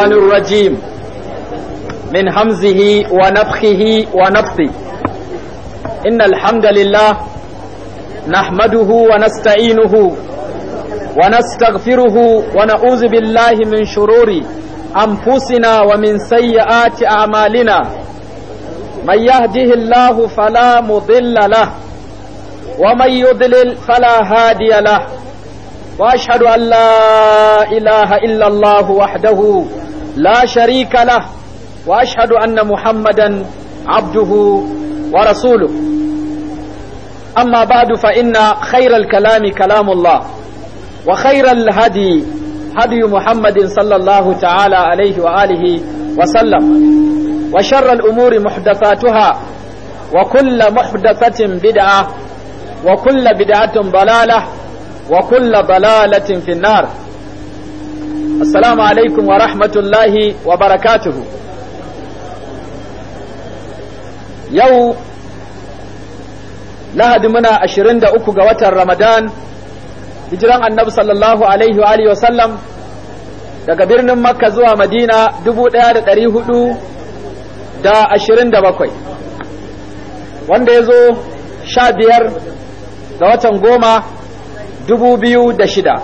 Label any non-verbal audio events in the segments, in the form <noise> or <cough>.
الشيطان الرجيم من همزه ونفخه ونفثه إن الحمد لله نحمده ونستعينه ونستغفره ونعوذ بالله من شرور أنفسنا ومن سيئات أعمالنا من يهده الله فلا مضل له ومن يضلل فلا هادي له واشهد ان لا اله الا الله وحده لا شريك له وأشهد أن محمدا عبده ورسوله أما بعد فإن خير الكلام كلام الله وخير الهدي هدي محمد صلى الله تعالى عليه وآله وسلم وشر الأمور محدثاتها وكل محدثة بدعة وكل بدعة ضلالة وكل ضلالة في النار assalamu alaikum wa rahmatullahi wa barakatuhu yau lahadi muna ashirin da uku ga watan ramadan hijiran annabi sallallahu alaihi wa alihi daga birnin makka zuwa madina bakwai. wanda ya zo sha biyar ga watan goma dubu biyu da shida.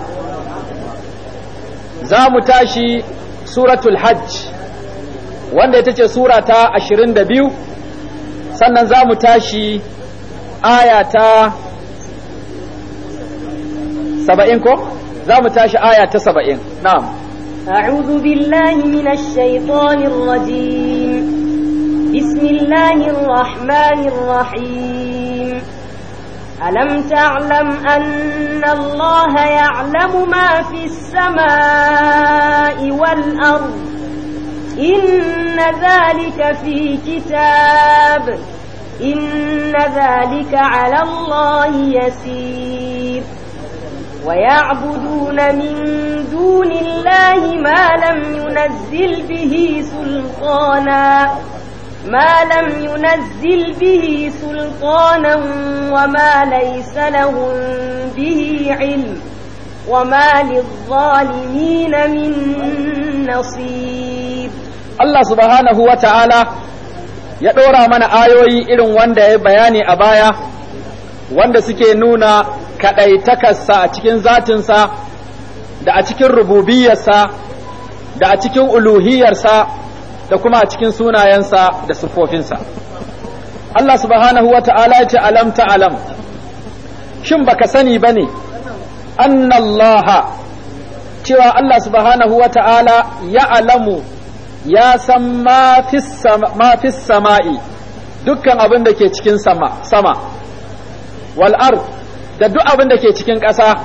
za mu tashi suratul hajj wanda ita ce sura ta 22 sannan za mu tashi aya ta 70 ko za mu tashi aya ta 70 na'am a'udhu billahi minash shaitanir bismillahir rahmanir rahim ألم تعلم أن الله يعلم ما في السماء والأرض إن ذلك في كتاب إن ذلك على الله يسير ويعبدون من دون الله ما لم ينزل به سلطانا ما لم ينزل به سلطانا وما ليس لهم به علم وما للظالمين من نصيب الله سبحانه وتعالى ya ɗora mana ayoyi irin wanda ya bayani a baya wanda suke nuna kaɗaitakarsa a cikin zatinsa da a cikin rububiyarsa da a cikin uluhiyarsa da kuma a cikin sunayensa da sufofinsa. Allah subhanahu wa ta'ala ya ce alam ta'alam shin baka sani ba bane annallaha cewa Allah subhanahu wa ta'ala ya alamu ya san mafis sama'i dukkan abin da ke cikin sama wal'ar da duk abin da ke cikin ƙasa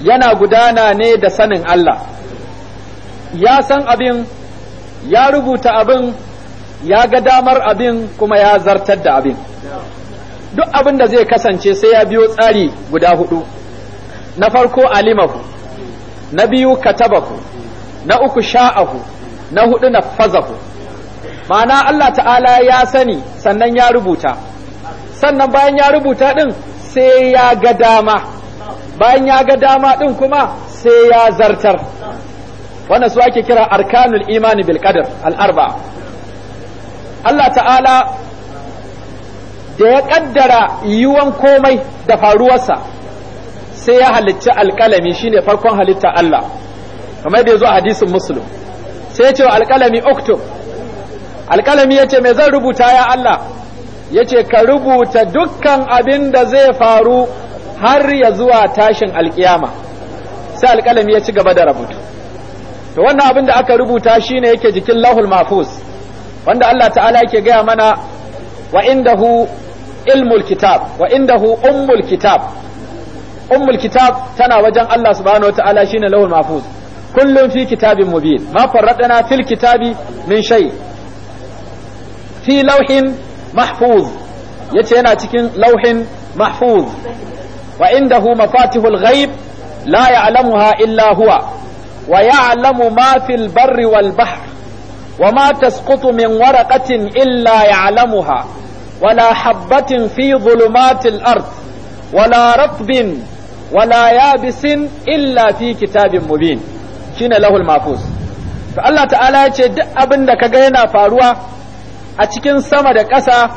yana gudana ne da sanin Allah ya san abin ya rubuta abin ya ga damar abin kuma ya zartar da abin duk abin da zai kasance sai ya biyo tsari guda hudu na farko alimahu na biyu katabahu na uku sha'ahu na hudu na fazahu ma'ana Allah ta'ala ya sani sannan ya rubuta sannan bayan ya rubuta din sai ya ga dama bayan ya ga dama din kuma sai ya zartar wannan su ake kira arkanul imani bil qadar al arba Allah ta'ala da ya kaddara yiwuwan komai da faruwarsa sai ya halicci alkalami shine farkon halitta Allah kamar da ya a hadisin muslim sai ya ce wa alkalami oktob alkalami ya ce mai zan rubuta ya Allah ya ce ka rubuta dukkan abin da zai faru har ya zuwa tashin alkiyama sai alkalami ya ci gaba da rubutu to wannan abin da aka rubuta shine yake jikin lahul wanda Allah ta'ala yake gaya mana wa indahu ilmul kitab wa indahu ummul kitab ummul kitab tana wajen Allah subhanahu wa ta'ala shine lahul mahfuz kullum fi kitabin mubin ma farradana fil kitabi min shay fi lauhin mahfuz yace yana cikin lauhin mahfuz wa indahu mafatihul ghaib la ya'lamuha illa huwa ويعلم ما في البر والبحر وما تسقط من ورقة إلا يعلمها ولا حبة في ظلمات الأرض ولا رطب ولا يابس إلا في كتاب مبين شين له المحفوظ فالله تعالى يجد أبن دك غينا فاروا أتكين سما دك أسا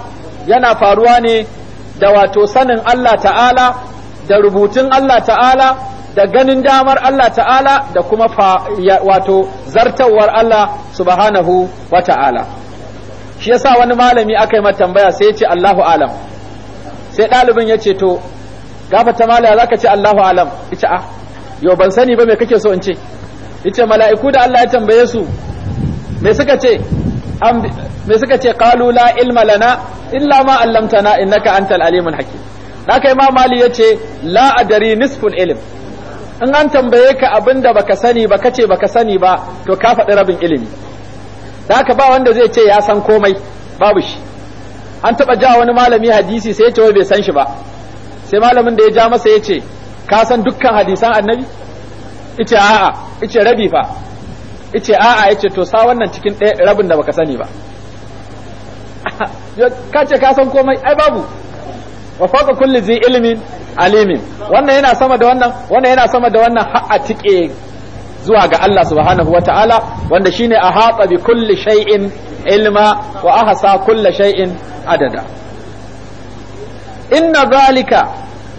ينا فارواني دواتو سنن الله تعالى da rubutun Allah ta'ala da ganin damar Allah ta'ala da kuma wato zartawar Allah subhanahu wa ta'ala shi yasa wani malami aka yi tambaya sai ya ce Allahu alam sai ɗalibin ya ce to gafata malaya za ka ce Allahu alam ita a ah, yo ban sani ba me kake so in ce ita mala'iku da Allah ya tambaye su me suka ce me suka ce qalu la ilma lana illa ma allamtana innaka antal alimul hakim kai ma mali ce la adari nisful ilm in an tambaye ka abin da baka sani ba kace baka sani ba to ka faɗi rabin ilimi da haka ba wanda zai ce ya san komai babu shi an taɓa ja wani malami hadisi sai ya ce wai bai san shi ba sai malamin da ya ja masa ya ce ka san dukkan hadisan annabi ice a'a ice rabi fa ice a'a ice to sa wannan cikin ɗaya rabin da baka sani ba <laughs> ka ce ka san komai ai babu wa fawqa kulli zi ilmin alimin wannan yana sama da wannan wannan yana sama da wannan ha'a tike zuwa ga Allah subhanahu wataala wanda shine ahata bi kulli shay'in ilma wa ahsa kulli shay'in adada inna zalika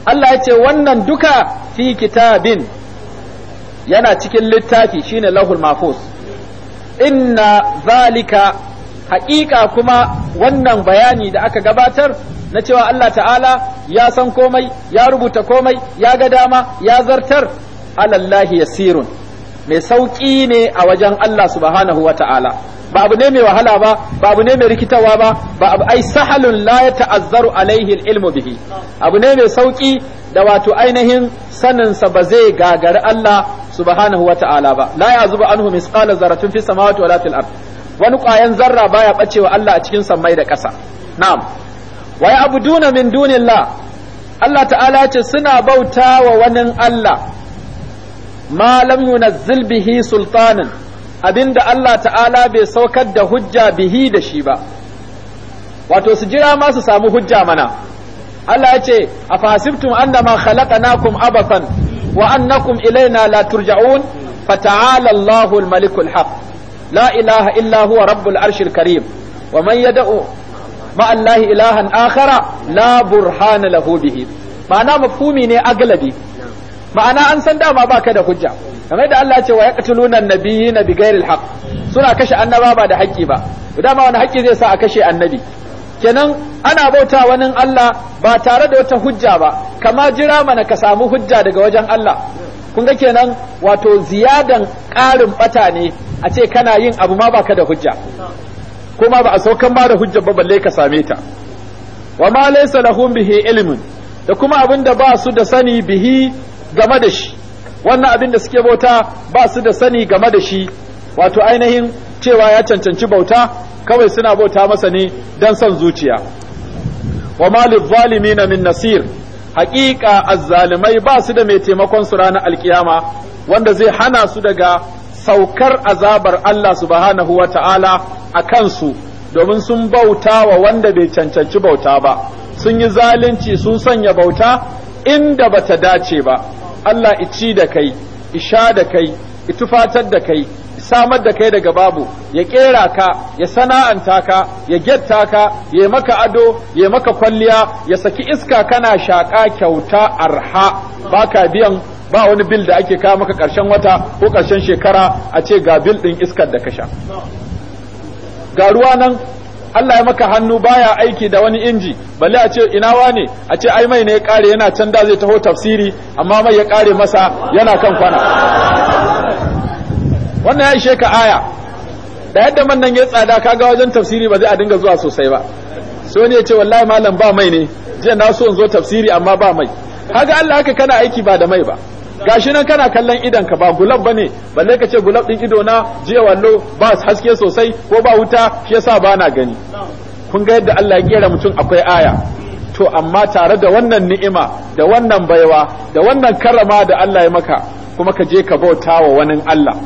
Allah ya ce wannan duka fi kitabin yana cikin littafi shine lahul mahfuz inna zalika haƙiƙa kuma wannan bayani da aka gabatar na cewa Allah ta'ala ya san komai ya rubuta komai ya ga dama ya zartar alallahi yasirun mai sauƙi ne a wajen Allah subhanahu wa ta'ala ba abu ne mai wahala ba ba abu ne mai rikitarwa ba ba abu ai sahalun la ya ta'azzaru alaihi ilmu bihi abu ne mai sauƙi da wato ainihin saninsa ba zai gagari Allah subhanahu wa ta'ala ba la ya zuba anhu misqala zarratun fi samawati wala fil ard wani ƙwayan zarra baya bacewa Allah a cikin sammai da ƙasa na'am waya abuduna min dunillah Allah ta'ala ce suna bauta wa wani Allah malam lam yunazzil bihi sultanan abinda Allah ta'ala bai saukar da hujja bihi da shi ba wato su jira ma su samu hujja mana Allah ya ce a fasibtum annama khalaqnakum abathan wa annakum ilaina la turja'un Fa Allahu al-malikul haq la ilaha illa huwa rabbul arshil karim wa man yad'u ma ilahan akhara la burhana lahu bihi ma'ana mafhumi ne agalabi ma'ana an san dama baka da hujja kamar da Allah ya ce wa yaqtuluna an-nabiyina bighairi al-haq suna kashe annaba ba da haƙƙi ba dama wani haƙƙi zai sa a kashe annabi kenan ana bauta wani Allah ba tare da wata hujja ba kama jira mana ka samu hujja daga wajen Allah kun ga kenan wato ziyadan ƙarin bata ne a ce kana yin abu ma baka da hujja kuma ba a saukan ba da hujja ba balle ka same ta wa ma laysa lahum bihi ilmun da kuma abin da ba su da sani bihi game da shi wannan abin da suke bauta ba su da sani game da shi wato ainihin cewa ya cancanci bauta kawai suna bauta masa ne don son zuciya wa malil zalimin min nasir haƙiƙa azzalimai ba su da mai taimakon su ranar alkiyama wanda zai hana su daga saukar azabar Allah subhanahu wa ta'ala a kansu domin sun bauta wa wanda bai cancanci bauta ba sun yi zalunci sun sanya bauta inda bata dace ba Allah ici da kai isha da kai itufatar da kai samar da kai daga babu ya kera ka ya sana'anta ka ya getta ka ya maka ado ya maka kwalliya ya saki iska kana shaka kyauta arha baka biyan ba wani bil da ake kawo maka karshen wata ko ƙarshen shekara a ce ga bil din iskar da ka sha ga ruwa nan Allah ya maka hannu baya aiki da wani inji balle a ce ina wane a ce ai mai ne ya kare yana can da zai taho tafsiri amma mai ya kare masa yana kan kwana wannan ya ishe ka aya da yadda man ya tsada kaga wajen tafsiri ba zai a dinga zuwa sosai ba sai wani ya ce wallahi malam ba mai ne jiya na so in zo tafsiri amma ba mai Haga Allah haka kana aiki ba da mai ba gashi nan kana kallon idan ka ba gulab bane balle ka ce gulab din ido na jiya wallo ba haske sosai ko ba wuta shi yasa ba na gani kun ga yadda Allah ya kera mutum akwai aya to amma tare da wannan ni'ima da wannan baiwa da wannan karama da Allah ya maka kuma ka je ka bauta wa wani Allah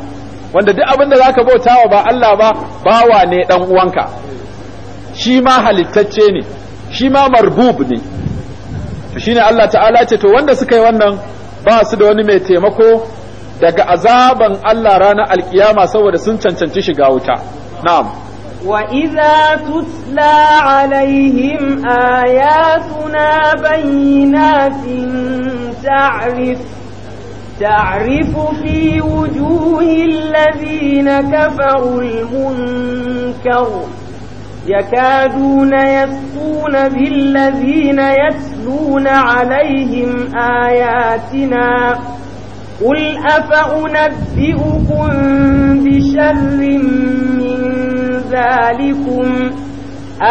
wanda duk abin da za ka bautawa ba Allah ba bawa ne dan uwanka shi ma halittacce ne shi ma marbub ne shine Allah ta'ala ce to wanda suka yi wannan ba su da wani mai taimako daga azaban Allah ranar alkiyama saboda sun cancanci shiga wuta na'am وإذا تتلى عليهم آياتنا بينات تعرف تعرف في وجوه الذين كفروا المنكر يكادون يسقون بالذين يتلون عليهم آياتنا قل أفأنبئكم بشر من ذلكم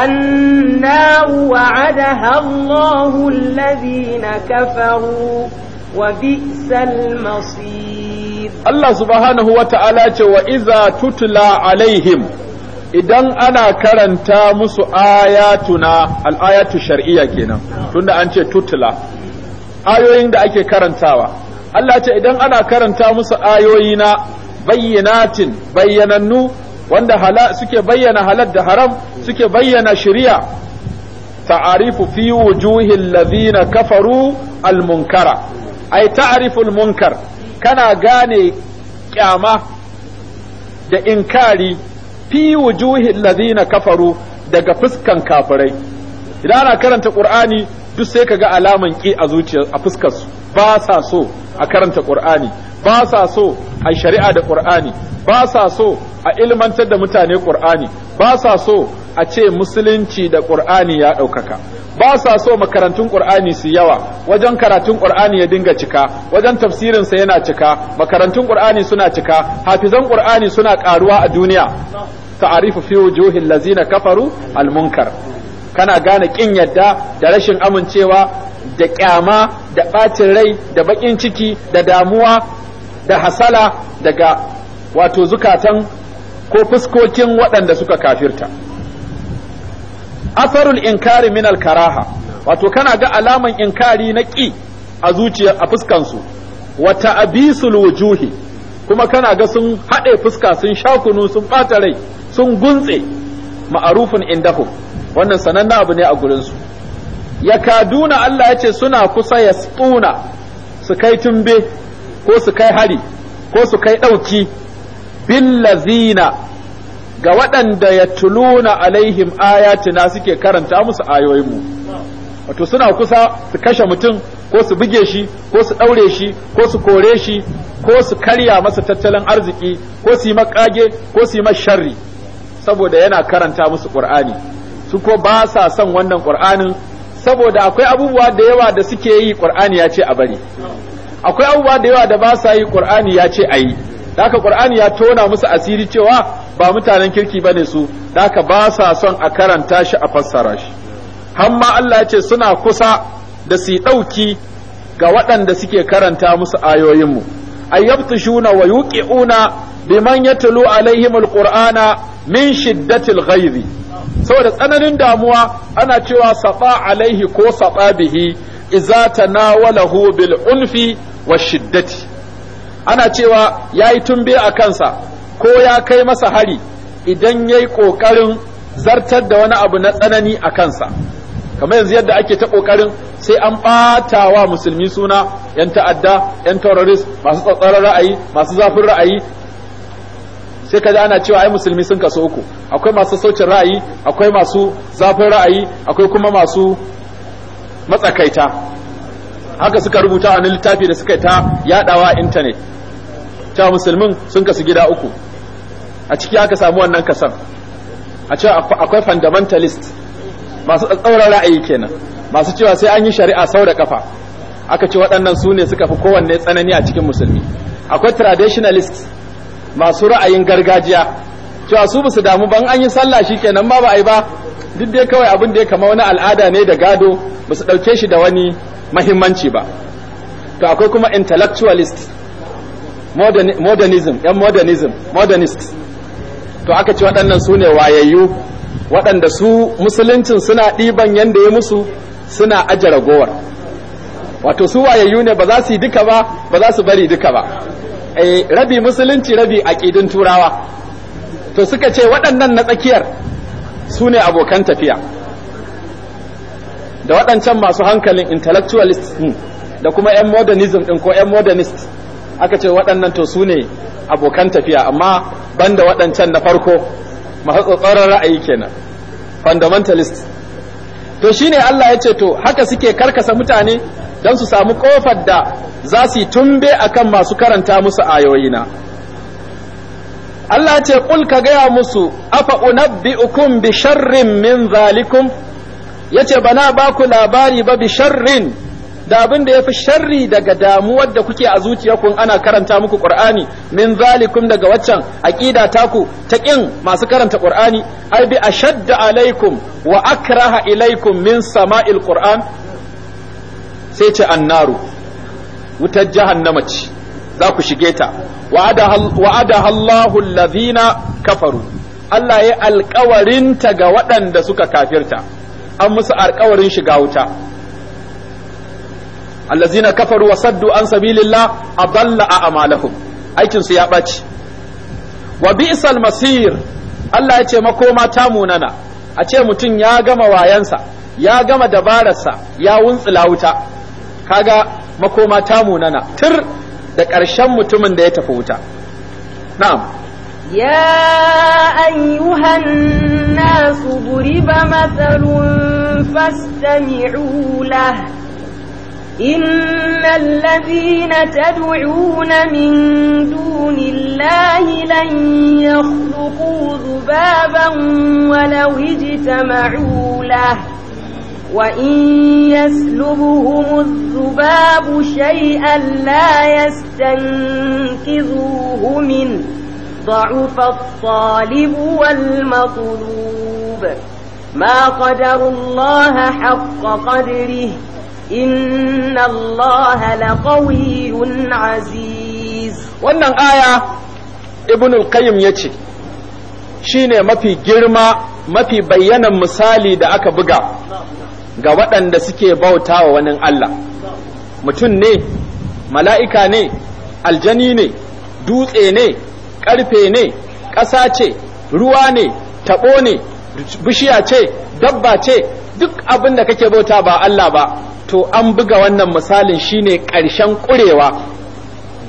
النار وعدها الله الذين كفروا wa bi'sal masir Allah subhanahu wata'ala ce wa'iza tutula alaihim idan ana karanta musu ayatuna al'ayatu ayatu kenan tunda an ce tutula, ayoyin da ake karantawa Allah ce idan ana karanta musu ayoyina bayyanatin bayyanannu wanda hala suke bayyana halar da haram suke bayyana shari'a ta'arifu fi wujuhil ladhina kafaru al-munkara ai ta'riful munkar kana gane kyama da inkari fi wujuhil ladina kafaru daga fuskan kafirai idan ana karanta qur'ani duk sai ka ga alaman ƙi a zuciya a fuskar ba sa so a karanta qur'ani ba sa so a shari'a da qur'ani ba sa so a ilmantar da mutane qur'ani ba sa so a ce musulunci da qur'ani ya ɗaukaka ba sa so makarantun qur'ani su yawa wajen karatun qur'ani ya dinga cika wajen tafsirin sa yana cika makarantun qur'ani suna cika hafizan qur'ani suna ƙaruwa a duniya ta'arifu fi wujuhil ladzina kafaru al kana gane ƙin yadda da rashin amincewa da ƙyama da ɓacin rai da baƙin ciki da damuwa da hasala daga wato zukatan ko fuskokin waɗanda suka kafirta asarul inkari min karaha wato kana ga alaman inkari na ƙi a zuciya a fuskansu wata abisul wujuhi kuma kana ga sun haɗe fuska sun sha kunu sun ɓata rai sun gunse ma'arufin indahum wannan sananna abu ne a gurinsu ya kaduna Allah ya ce suna kusa ya tsuna su kai tumbe ko su kai hari ko su kai ɗauki billazina ga waɗanda ya tuluna alaihim ayatina suke karanta musu ayoyinmu wato suna kusa su kashe mutum ko su buge shi ko su ɗaure shi ko su kore shi ko su karya masa tattalin arziki ko su yi makage ko su yi sharri saboda yana karanta musu ƙur'ani su ko ba sa son wannan qur'anin saboda akwai abubuwa da yawa da suke yi qur'ani ya ce a bari akwai abubuwa da yawa da ba sa yi qur'ani ya ce a yi haka qur'ani ya tona musu asiri cewa ba mutanen kirki ba ne su haka ba sa son a karanta shi a fassara shi hamma Allah ya ce suna kusa da su ɗauki ga waɗanda suke karanta musu ayoyinmu ayyabtushuna wa yuqi'una biman yatlu alaihim alqur'ana min shiddatil ghaizi saboda tsananin damuwa ana cewa safa alaihi ko safa bihi iza tanawalahu bil unfi wa shiddati ana cewa ya yi tumbe a kansa ko ya kai masa hari idan yayi ƙoƙarin zartar da wani abu na tsanani a kansa kamar yanzu yadda ake ta ƙoƙarin, sai an ɓata wa musulmi suna yan ta'adda yan terrorist masu tsatsarar ra'ayi masu zafin ra'ayi sai kaji ana cewa ai musulmi sun kaso uku akwai masu saucin ra'ayi akwai masu zafin ra'ayi akwai kuma masu matsakaita haka suka rubuta a littafi da suka ta yadawa intanet cewa musulmin sun kasu gida uku a ciki aka samu wannan kasan a cewa akwai fundamentalist masu tsatsauran ra'ayi kenan masu cewa sai an yi shari'a sau da kafa aka ce waɗannan su ne suka fi kowanne tsanani a cikin musulmi akwai traditionalists masu ra'ayin gargajiya cewa su basu damu ban an yi sallah shi kenan ba ba a yi ba duk dai kawai abin da ya kama wani al'ada ne da gado ba su ɗauke shi da wani mahimmanci ba to akwai kuma intellectualist modernism yan modernism modernist to aka ce waɗannan su ne wayayyu waɗanda su musuluncin suna ɗiban yadda ya musu suna ajiye ragowar wato su wayayyu ne ba za su yi duka ba ba za su bari duka ba Eh, rabi musulunci rabi aƙidin turawa to suka ce waɗannan na tsakiyar su ne abokan tafiya da waɗancan masu hankalin intellectualist hmm, da kuma 'yan modernism ɗin ko 'yan modernist aka ce waɗannan to su ne abokan tafiya amma ban da waɗancan na farko masu tsotsoron ra'ayi kenan fundamentalist to shine Allah ya ce to haka suke karkasa mutane don su samu ƙofar da za su yi tumbe akan masu karanta musu ayoyina Allah ce ƙul ka gaya musu afa ukun bi sharrin min zalikum yace bana ba ku labari ba bi sharrin da abin da fi sharri daga damuwar da kuke a zuciyarku ana karanta muku Qur'ani min zalikum daga waccan aƙida taku ta ƙin masu karanta ƙur'ani ai bi ashadda alaikum wa akraha ilaikum min sama'il Qur'an sai ce annaru wutar jahannama ce za ku shige ta wa'ada Allahu allazina kafaru Allah ya alkawarinta ta ga waɗanda suka kafirta an musu alkawarin shiga wuta allazina kafaru wa saddu an sabilillah adalla a amalahum aikin su ya ɓaci wa bi'sal masir Allah ya ce makoma ta munana a ce mutum ya gama wayansa ya gama dabararsa ya wuntsila wuta kaga makoma ta munana tur da ƙarshen mutumin da ya tafi wuta. Na'am. Ya ayyuhan nasu buriba matsalun fastami'u la na الذين تدعون من دون الله لن يخلقوا ذبابا ولو اجتمعوا له وإن يسلبهم الذباب شيئا لا يستنكذوه منه ضعف الطالب والمطلوب ما قدر الله حق قدره إن الله لقوي عزيز wannan aya ibn al-qayyim yace shine mafi girma mafi bayyanan misali da aka buga ga waɗanda suke bauta wa wani Allah mutum ne mala'ika ne aljani ne dutse ne ƙarfe ne ƙasa ce ruwa ne taɓo ne bishiya ce dabba ce duk abin da kake bauta ba Allah ba to an buga wannan misalin shine ƙarshen ƙurewa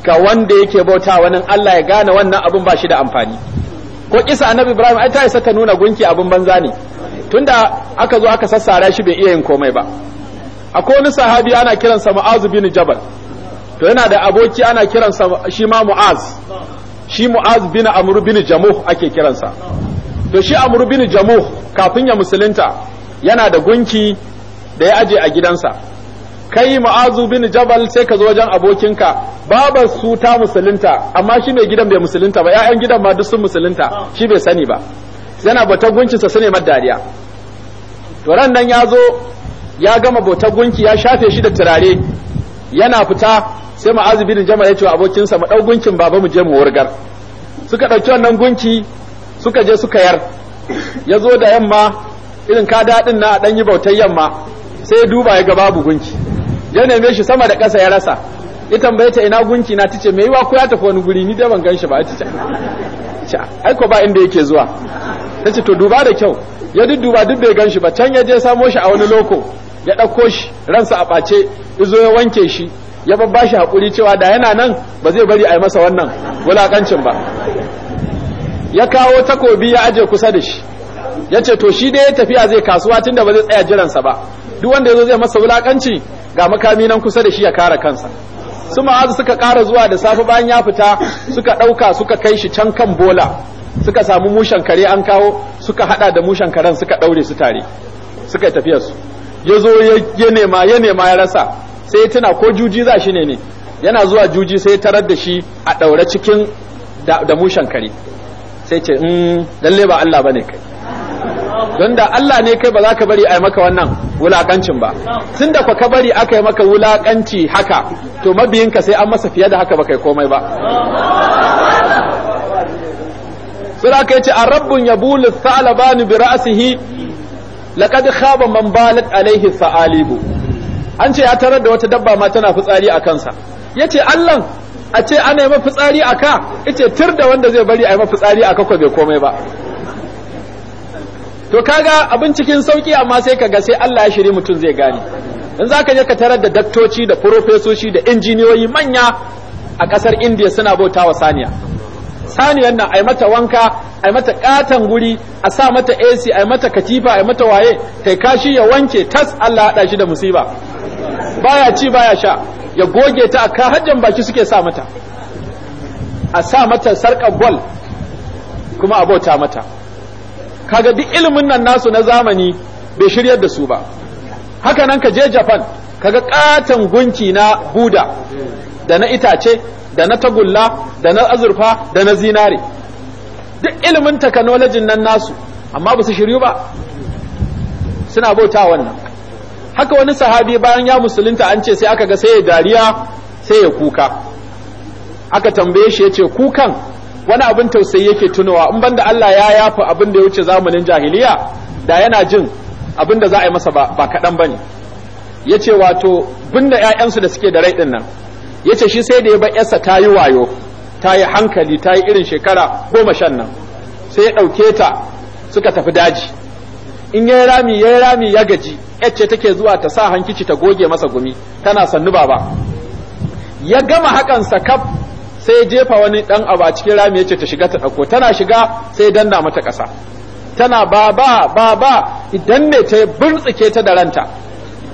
ga wanda yake bauta wani Allah ya gane wannan abin ba shi da amfani ko kisa annabi Ibrahim ai ta isa ta nuna gunki abin banza ne tunda aka zo aka sassara shi bai iya yin komai ba akwai wani sahabi ana kiransa mu'az bin jabal to yana da aboki ana kiransa shi ma mu'az shi mu'az bin amr bin jamuh ake kiransa to shi amr bin jamuh kafin ya musulunta yana da gunki da ya aje a gidansa kai mu'azu bin jabal sai ka zo wajen abokinka baba su ta musulunta amma shi mai gidan bai musulunta ba 'ya'yan gidan ma duk sun musulunta shi bai sani ba yana bautar gunkinsa su ne madariya, to ran nan ya zo ya gama bautar gunki ya shafe shi da turare yana fita sai ma'azu bin jama ya ce wa abokinsa mu ɗau gunkin baba mu je mu wargar suka ɗauki wannan gunki suka je suka yar ya zo da yamma irin ka daɗin na ɗan yi bautar yamma sai duba ya ga babu gunki ya neme shi sama da ƙasa ya rasa ita bai ta ina gunki na tace me yiwa ku ya tafi wani guri ni dai ban gan shi ba tace aiko ba inda yake zuwa ta ce to duba da kyau ya dudduba duk da ya gan shi ba can ya je samo shi a wani loko ya ɗauko shi ransa a ɓace izo ya wanke shi ya babba shi haƙuri cewa da yana nan ba zai bari a yi masa wannan wulaƙancin ba ya kawo takobi ya aje kusa da shi ya ce to shi dai ya tafiya zai kasuwa tun da ba zai tsaya jiransa ba duk wanda ya zo zai masa wulaƙanci ga makami nan kusa da shi ya kare kansa suma ma'azu suka ƙara zuwa da safe bayan ya fita suka ɗauka suka kai shi can kan bola suka samu mushen kare an kawo suka haɗa da mushen karen suka ɗaure su tare suka yi tafiyarsu ya zo ya nema ya nema ya rasa sai ya tuna ko juji za shi ne ne yana zuwa juji sai ya tarar da shi a ɗaure cikin da mushen kare sai ce in mm, lalle ba Allah bane kai don da Allah ne kai ba za ka bari a yi maka wannan wulakancin ba tun da ka bari aka yi maka wulakanci haka to mabiyinka sai an masa fiye da haka ba kai komai ba ce a yace arabbun yabulu thalabani bi ra'sihi laqad khaba man balat alaihi sa'alibu an ce ya tarar da wata dabba ma tana fitsari a kansa yace Allah a ce ana yi mafitsari a ka ita tir da wanda zai bari a yi mafitsari a kakwa bai komai ba to kaga abin cikin sauki amma sai ka ga sai Allah ya shiri mutum zai gane in ka je ka tarar da daktoci da profesoshi da injiniyoyi manya a ƙasar India suna bautawa saniya Saniyan nan ai mata wanka ai mata katan guri a sa mata AC ai mata katifa ai mata waye kai kashi ya wanke tas Allah hada shi da musiba baya ci baya sha ya goge ta aka hajjan baki suke sa mata a sa mata sarkar gwal kuma abota mata kaga duk ilimin nan nasu na zamani bai shiryar da su ba haka nan ka je Japan kaga katon gunki na Buda da na itace da na tagulla da na azurfa da na zinare duk ilimin takanolajin nan nasu amma ba su shiryu ba suna bauta wannan haka wani sahabi bayan ya musulunta an ce sai aka ga sai ya dariya sai ya kuka aka tambaye shi ya ce kukan wani abin tausayi yake tunowa in banda Allah ya yafa abin da ya wuce zamanin jahiliya da yana jin abin da za a yi masa ba kaɗan ba ne ya ce wato binne 'ya'yansu da suke da rai ɗin nan ya ce shi sai da ya bar 'yarsa ta yi wayo ta yi hankali ta yi irin shekara goma shan nan sai ya ɗauke ta suka tafi daji in ya rami ya rami ya gaji ce take zuwa ta sa hankici ta goge masa gumi tana sannu baba ya gama hakan sa kaf sai jefa wani dan abu a cikin rami yace ta shiga ta dauko tana shiga sai danna mata kasa tana baba baba idan ne ta burtsike ta da ranta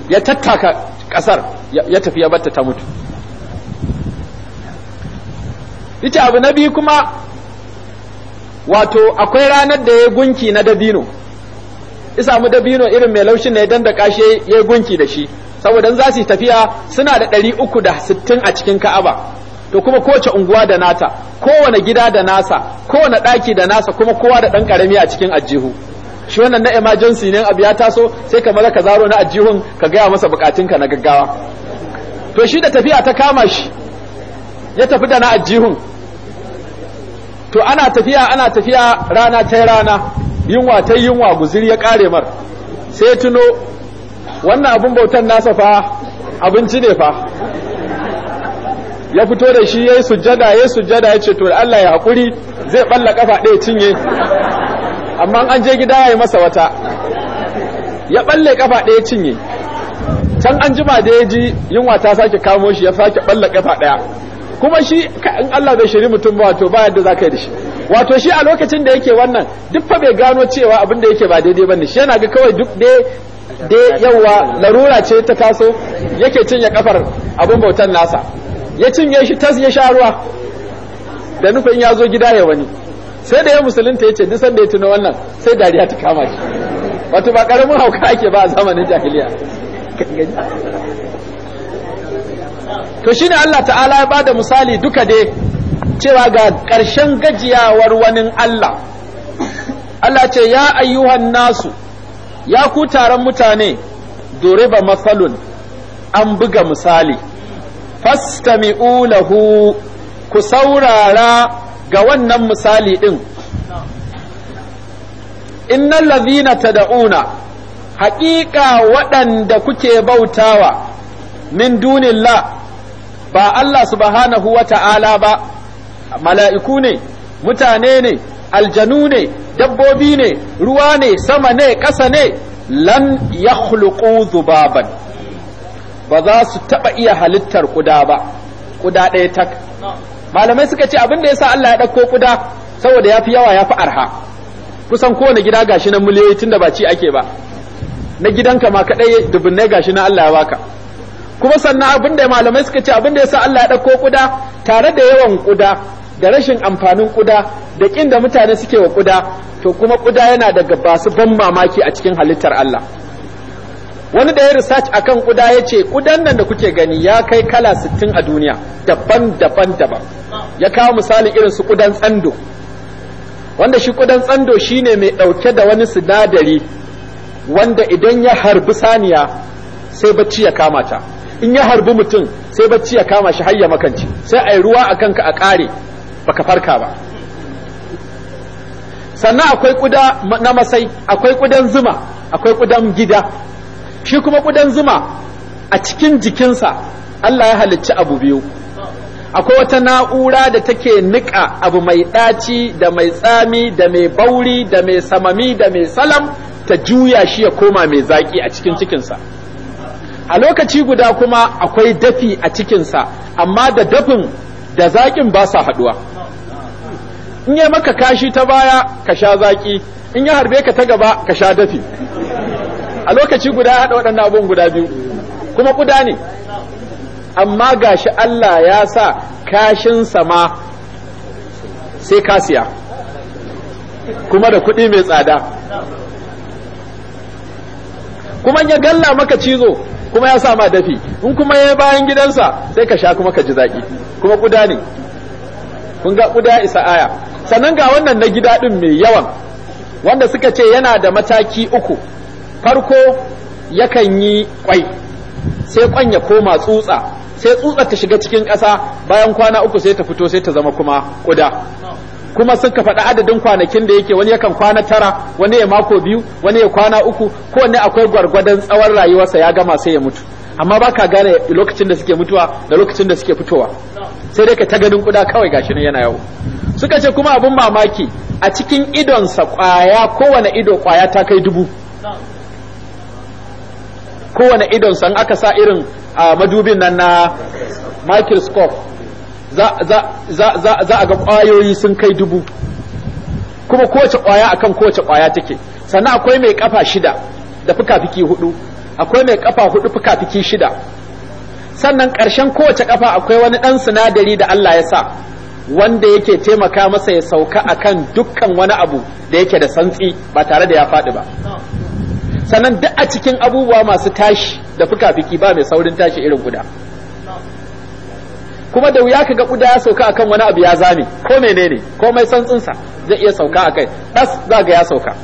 ya tattaka kasar ya tafi ya batta ta mutu yace abu na biyu kuma wato akwai ranar da ya gunki na dabino isa mu dabino irin mai laushin ne dan da kashe ya gunki da shi saboda za su tafiya suna da ɗari uku da sittin a cikin ka'aba to kuma kowace unguwa da nata kowane gida da nasa kowane ɗaki da nasa kuma kowa da ɗan ƙarami a cikin ajihu shi wannan na emergency ne abu ya taso sai ka maza ka zaro na ajihun ka gaya masa bukatunka na gaggawa to shi da tafiya ta kama shi ya tafi da na ajihun to ana tafiya ana tafiya rana ta rana yunwa ta yunwa guziri ya kare mar sai tuno wannan abin bautan nasa fa abinci ne fa ya fito da shi yayi sujjada yayi sujjada ce to Allah ya hakuri zai balla kafa ɗaya cinye amma an je gida yayi masa wata ya balle kafa ɗaya cinye can an jima da ya ji yunwa ta sake kamo shi ya sake balla kafa ɗaya kuma shi in Allah bai shiri mutum ba wato ba yadda za ka yi da shi wato shi a lokacin da yake wannan duk fa bai gano cewa abin da yake ba daidai bane shi yana ga kawai duk dai dai yawa larura ce ta taso yake cinye kafar abin bautan nasa ya cinye shi tas ya sha ruwa da nufin ya zo gida ya wani sai da ya musulunta ya ce duk sanda ya tuna wannan sai dariya ta kama shi wato ba karamin hauka ake ba a zamanin jahiliya to shine Allah ta'ala ya bada misali duka dai cewa ga ƙarshen gajiyawar wani Allah Allah ce ya ayyuhan nasu ya ku taron mutane dore ba matsalun an buga misali fastami'u lahu ku saurara ga wannan misali ɗin, din innal ladhina tad'una haƙiƙa waɗanda kuke bautawa min dunillah ba Allah subhanahu wa ta'ala ba mala'iku ne mutane ne aljanu ne dabbobi ne ruwa ne sama ne ƙasa ne lan ya zubaban ba za su taba iya halittar kuda ba kuda ɗaya tak malamai suka ce abin da sa Allah ya ɗauko kuda saboda ya fi yawa ya fi arha kusan kowane gida gashi na miliyoyi da ba ci ake ba na gidanka ma kadai dubunnai gashi na Allah ya baka kuma sannan abin da malamai suka ce abin da sa Allah ya ɗauko kuda tare da yawan kuda da rashin amfanin kuda da kin da mutane suke wa kuda to kuma kuda yana daga basu ban mamaki a cikin halittar Allah wani da ya research akan kuda ya ce kudan nan da kuke gani ya kai kala 60 a duniya daban-daban daban ya kawo misalin irin su kudan tsando wanda shi kudan tsando shine mai dauke da wani sinadari wanda idan ya harbi saniya sai bacci ya kama ta in ya harbi mutum sai bacci ya kama shi har ya makanci sai a yi ruwa akan ka a kare baka farka ba sannan akwai kuda na masai akwai kudan zuma akwai kudan gida shi kuma ƙudan zuma a cikin jikinsa Allah ya halicci abu biyu akwai wata na'ura da take niƙa abu mai ɗaci da mai tsami da mai bauri da mai samami da mai salam ta juya shi ya koma mai zaƙi a cikin cikinsa a lokaci guda kuma akwai dafi a cikinsa amma da dafin da zaƙin ba sa haɗuwa in ya maka kashi ta baya ka sha zaƙi in ya harbe ka ta gaba ka sha dafi a lokaci guda ya haɗa waɗannan abubuwan guda biyu kuma ƙuda ne amma gashi Allah ya sa kashin sama sai kasiya kuma da kuɗi mai tsada kuma ya galla maka cizo kuma ya sa ma dafi in kuma ya bayan gidansa sai ka sha kuma ka ji zaƙi kuma ƙuda ne kun ga ƙuda isa aya sannan ga wannan na gida ɗin mai yawan wanda suka ce yana da mataki uku farko yakan yi kwai sai kwan ya koma tsutsa sai tsutsa ta shiga cikin ƙasa bayan kwana uku sai ta fito sai ta zama kuma ƙuda kuma suka faɗi adadin kwanakin da yake wani yakan kwana tara wani ya mako biyu wani ya kwana uku ko wani akwai gwargwadon tsawon rayuwarsa ya gama sai ya mutu amma ba ka gane lokacin da suke mutuwa da lokacin da suke fitowa sai dai ka ta ganin kuda kawai gashi nan yana yawo suka ce kuma abin mamaki a cikin idonsa kwaya kowane ido kwaya ta kai dubu kowane idon san aka sa irin madubin nan na microscope za a ga kwayoyi sun kai dubu kuma kowace kwaya akan kowace kwaya take sannan akwai mai kafa shida da fuka-fiki hudu akwai mai kafa hudu fuka-fiki shida sannan ƙarshen kowace kafa akwai wani ɗan sinadari da Allah ya sa wanda yake taimaka masa ya sauka akan dukkan wani abu da yake da santsi ba tare da ya faɗi ba sannan duk a cikin abubuwa masu tashi da fuka-fiki ba mai saurin tashi irin guda kuma da wuya kaga kuda ya sauka akan wani abu ya zame ko menene ko mai santsinsa zai iya sauka akai das za ga ya sauka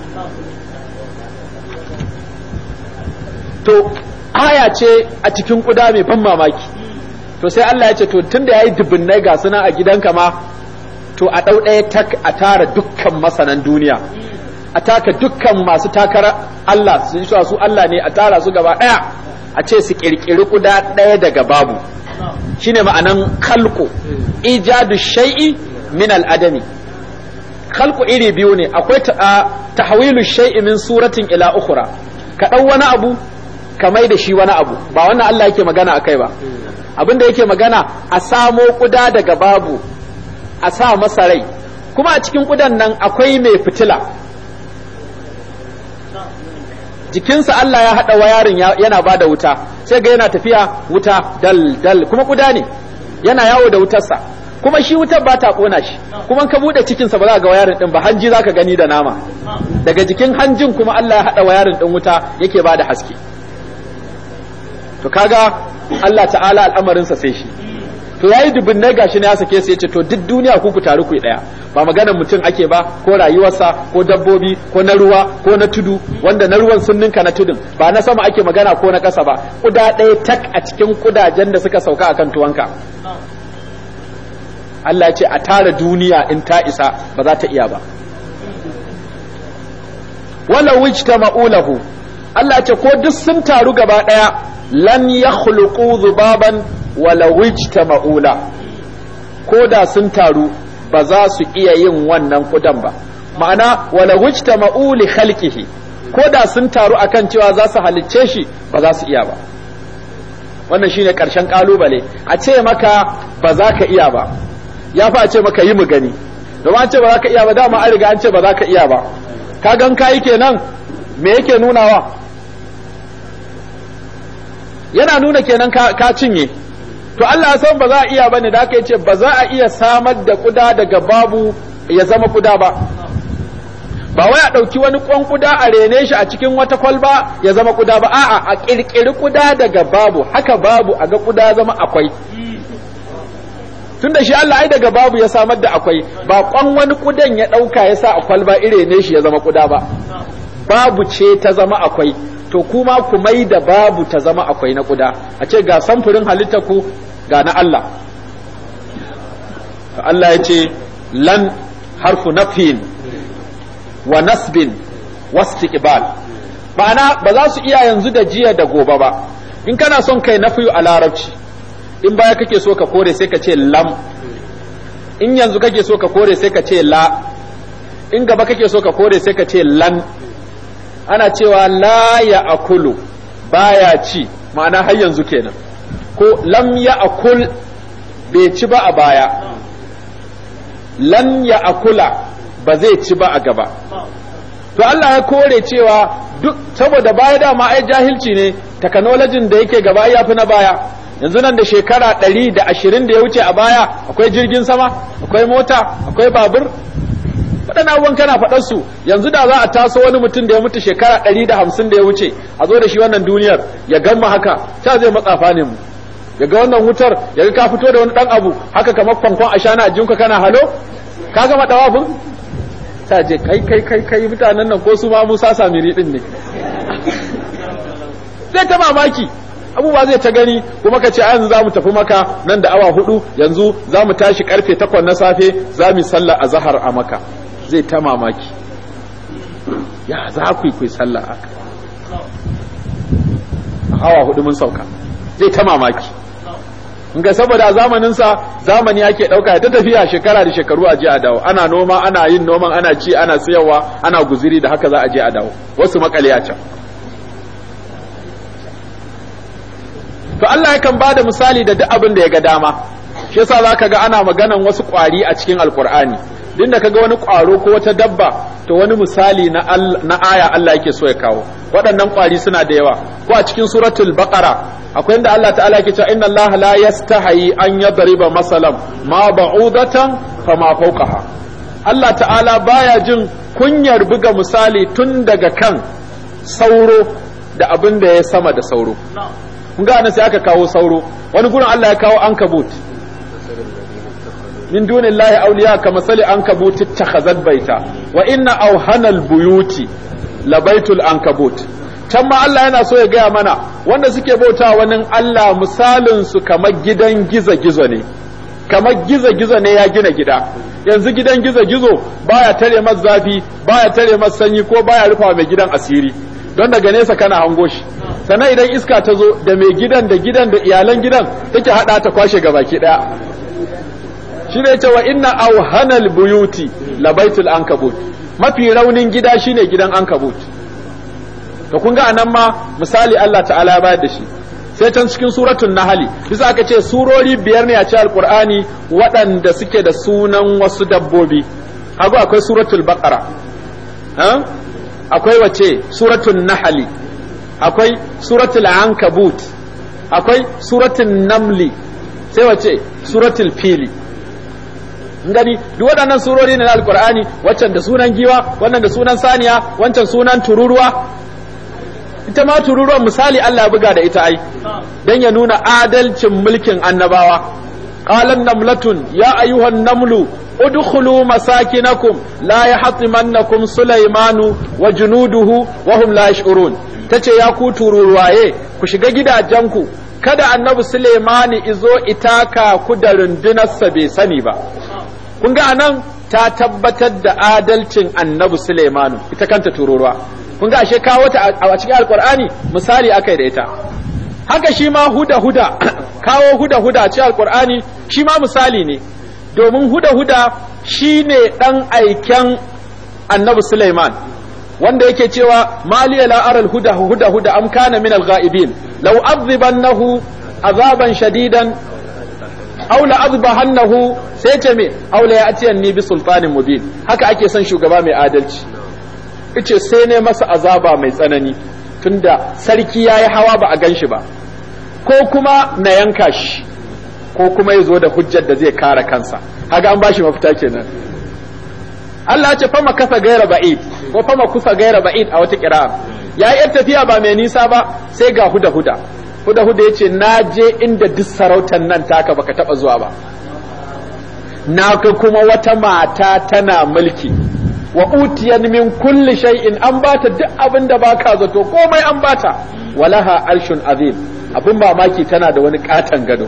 to aya ce a cikin kuda mai ban mamaki to sai Allah ya ce to tunda yayi dubinnai ga suna a gidanka ma to a dau ɗaya tak a tara dukkan masanan duniya a taka dukkan masu takara Allah sun shi su Allah ne a tara su gaba ɗaya a ce su ƙirƙiri guda ɗaya daga babu shine ma'anan kalko ijadu shai'i, min al'adami kalko iri biyu ne akwai tahwilu shai'i min suratin ila ukura ka ɗau wani abu ka mai da shi wani abu ba wannan Allah yake magana akai ba Abin da yake magana a samo kuda daga babu a sa masa rai kuma a cikin kudan nan akwai mai fitila jikinsa Allah ya haɗa wayarin yana ba da wuta sai ga yana tafiya wuta dal dal kuma ƙuda ne yana yawo da wutarsa kuma shi wutar ba ta ƙona shi kuma ka buɗe cikinsa ba za ga wayarin ɗin ba hanji za ka gani da nama daga jikin hanjin kuma Allah ya haɗa wayarin ɗin wuta yake ba da haske to kaga Allah ta'ala al'amarinsa sai shi to yayi dubinne gashi ne ya sake ya yace to duk duniya ku ku taru ku daya ba maganar mutum ake ba ko rayuwarsa ko dabbobi ko na ruwa ko na tudu wanda na ruwan sun ninka na tudun ba na sama ake magana ko na kasa ba kuda ɗaya tak a cikin kudajen da suka sauka akan tuwanka Allah ya ce a tara duniya in ta isa ba za ta iya ba wala wujta ma'ulahu Allah ce ko duk sun taru gaba ɗaya lan ya zubaban walawij ta ma'ula ko da sun taru ba za su iya yin wannan kudan ba ma'ana walawij ta ma'uli halkihi ko da sun taru akan cewa za su halicce shi ba za su iya ba wannan shine karshen kalubale a ce maka ba za ka iya ba ya fa a ce maka yi mu gani domin an ce ba za ka iya ba dama an riga an ce ba za ka iya ba ka gan kayi kenan me yake nunawa yana nuna kenan ka cinye to Allah ya san ba za a iya bane da aka yace ba za a iya samar da kuda daga babu ya zama kuda ba ba wai a ɗauki wani ƙwan kuda a rene shi a cikin wata kwalba ya zama kuda ba a'a a ƙirƙiri kuda daga babu haka babu a ga kuda zama akwai tunda shi Allah ai daga babu ya samar da akwai ba ƙwan wani kudan ya ɗauka ya sa a kwalba irene shi ya zama kuda ba babu ce ta zama akwai to kuma ku mai da babu ta zama akwai na kuda a ce ga samfurin halitta ku ga na Allah to Allah ya ce lan harfu nafin wa nasbin wastiqbal ma'ana ba za su iya yanzu da jiya da gobe ba in kana son kai nafiyu a larabci in baya kake so ka kore sai ka ce lam in yanzu kake so ka kore sai ka ce la in gaba kake so ka kore sai ka ce lan ana cewa la ya akulu ya ci ma'ana har yanzu kenan ko lam ya akul bai ci ba a baya lam ya akula ba zai ci ba a gaba to Allah ya kore cewa duk saboda baya dama ai jahilci ne technology da yake gaba ya fi na baya yanzu nan da shekara ɗari da ashirin da ya wuce a baya akwai jirgin sama akwai mota akwai babur waɗannan abubuwan kana faɗar su yanzu da za a taso wani mutum da ya mutu shekara ɗari da hamsin da ya wuce a zo da shi wannan duniyar ya gamma haka ta zai matsafa ne mu ya ga wannan wutar ya ga ka fito da wani ɗan abu haka kamar kwankwan a shana a jinka kana halo ka gama ɗawafin ta je kai kai kai kai mutanen nan ko su ma musa samiri ɗin ne zai ta mamaki abubuwa zai ta gani kuma ka ce yanzu za mu tafi maka nan da awa hudu yanzu za mu tashi karfe takwas na safe za mu sallar zahar a maka zai ta mamaki ya za ku yi sallah aka hawa hudu mun sauka zai ta mamaki ga saboda zamaninsa zamani ake ɗauka ta tafiya shekara da shekaru a je a dawo ana noma ana yin noman ana ci ana sayarwa ana guziri da haka za a je a dawo wasu makale a can to Allah yakan ba da misali da duk abin da ya ga dama shi yasa zaka ga ana maganan wasu kwari a cikin alkur'ani duk da kaga wani ƙwaro ko wata dabba to wani misali na, aya Allah yake so ya kawo waɗannan ƙwari suna da yawa ko a cikin suratul baqara akwai inda Allah ta'ala yake cewa inna Allah la yastahi an yadriba masalan ma ba'udatan fama fawqaha Allah ta'ala baya jin kunyar buga misali tun daga kan sauro da abin da ya sama da sauro kun ga sai aka kawo sauro wani gurin Allah ya kawo ankabut min dunillahi awliya kama sali an takhazat baita wa inna awhanal buyuti labaitul ankabut can ma Allah yana so ya gaya mana wanda suke bauta wani Allah misalin su kamar gidan gizo-gizo ne kamar gizo-gizo ne ya gina gida yanzu gidan gizo-gizo baya tare mas zafi baya tare mas sanyi ko baya rufa mai gidan asiri don daga nesa kana hango shi sannan idan iska ta zo da mai gidan da gidan da iyalan gidan take hada ta kwashe gabaki daya shi ne cewa inna auhanal buyuti labaitul ankabut mafi raunin gida shine gidan ankabut to kun ga anan ma misali Allah ta'ala bayar da shi sai can cikin suratul nahli bisa aka ce surori biyar ne a cikin alqur'ani waɗanda suke da sunan wasu dabbobi hago akwai suratul baqara akwai wace suratul nahli akwai suratul ankabut akwai suratul namli sai wace suratul fili gani duk waɗannan surori ne na alkur'ani waccan da sunan giwa wannan da sunan saniya wancan sunan tururuwa ita ma tururuwan misali Allah buga da ita ai dan ya nuna adalcin mulkin annabawa ya ayuhan namlu udkhulu masakinakum la yahtimannakum لا wa junuduhu wa hum la yash'urun tace ya ku tururuwaye ku shiga gidajenku kada annabi Suleimani izo itaka ku da rundunarsa bai sani ba kun ga anan ta tabbatar da adalcin annabi Suleimanu ita kanta tururuwa kun ga ashe kawo ta a cikin alkur'ani misali akai da ita haka shi ma huda huda <coughs> kawo huda huda cikin alkur'ani shi ma misali ne domin huda huda shine ne ɗan aiken annabi suleiman wanda yake cewa maliya la'arar huda huda huda amkana min al-ghaibin law azzibannahu azaban shadidan aula azbahannahu sai ce me aula ya atiyan ni bi sultanin mubin haka ake son shugaba mai adalci ice sai ne masa azaba mai tsanani tunda sarki yayi hawa ba a ganshi ba ko kuma na yanka shi ko kuma ya zo da hujjar da zai kare kansa haga an bashi mafita kenan Allah ce fama kasa gaira ba'id ko fama kusa gaira ba'id a wata kira'a ya yi tafiya ba mai nisa ba sai ga huda huda huda huda ya ce na je inda duk sarautar nan taka baka taba zuwa ba na ga kuma wata mata tana mulki wa utiyan min kulli shay'in an bata duk abin da baka zato komai an bata walaha arshun azim abin mamaki tana da wani katon gado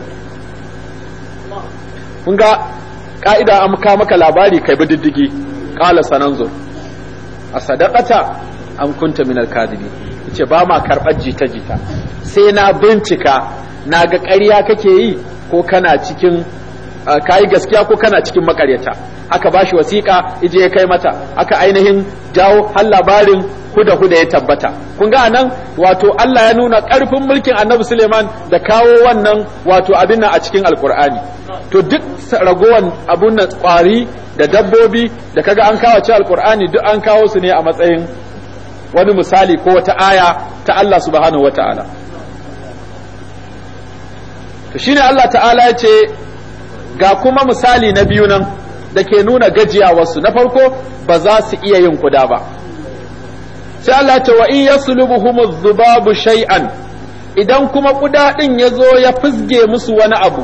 kun ga ka'ida an ka maka labari kai bi diddigi qala sananzur a sadaqata am kunta min al-kadibin yace ba ma karbar jita jita sai na bincika na ga ƙarya kake yi ko kana cikin kayi gaskiya ko kana cikin makaryata aka ba shi wasiƙa ije ya kai mata aka ainihin jawo har labarin huda huda ya tabbata kun ga anan wato Allah ya nuna ƙarfin mulkin Annabi Suleiman da kawo wannan wato abin nan a cikin Alƙur'ani to duk ragowan abun nan ƙwari da dabbobi da kaga an kawo cikin Alƙur'ani duk an kawo su ne a matsayin wani misali ko wata aya ta Allah subhanahu wataala to shine Allah ta'ala ya ce ga kuma misali na biyu nan da ke nuna gajiya wasu na farko ba za su iya yin kuda ba sai Allah ce wa in yaslubuhum dhubabu shay'an idan kuma kuda din yazo ya fizge musu wani abu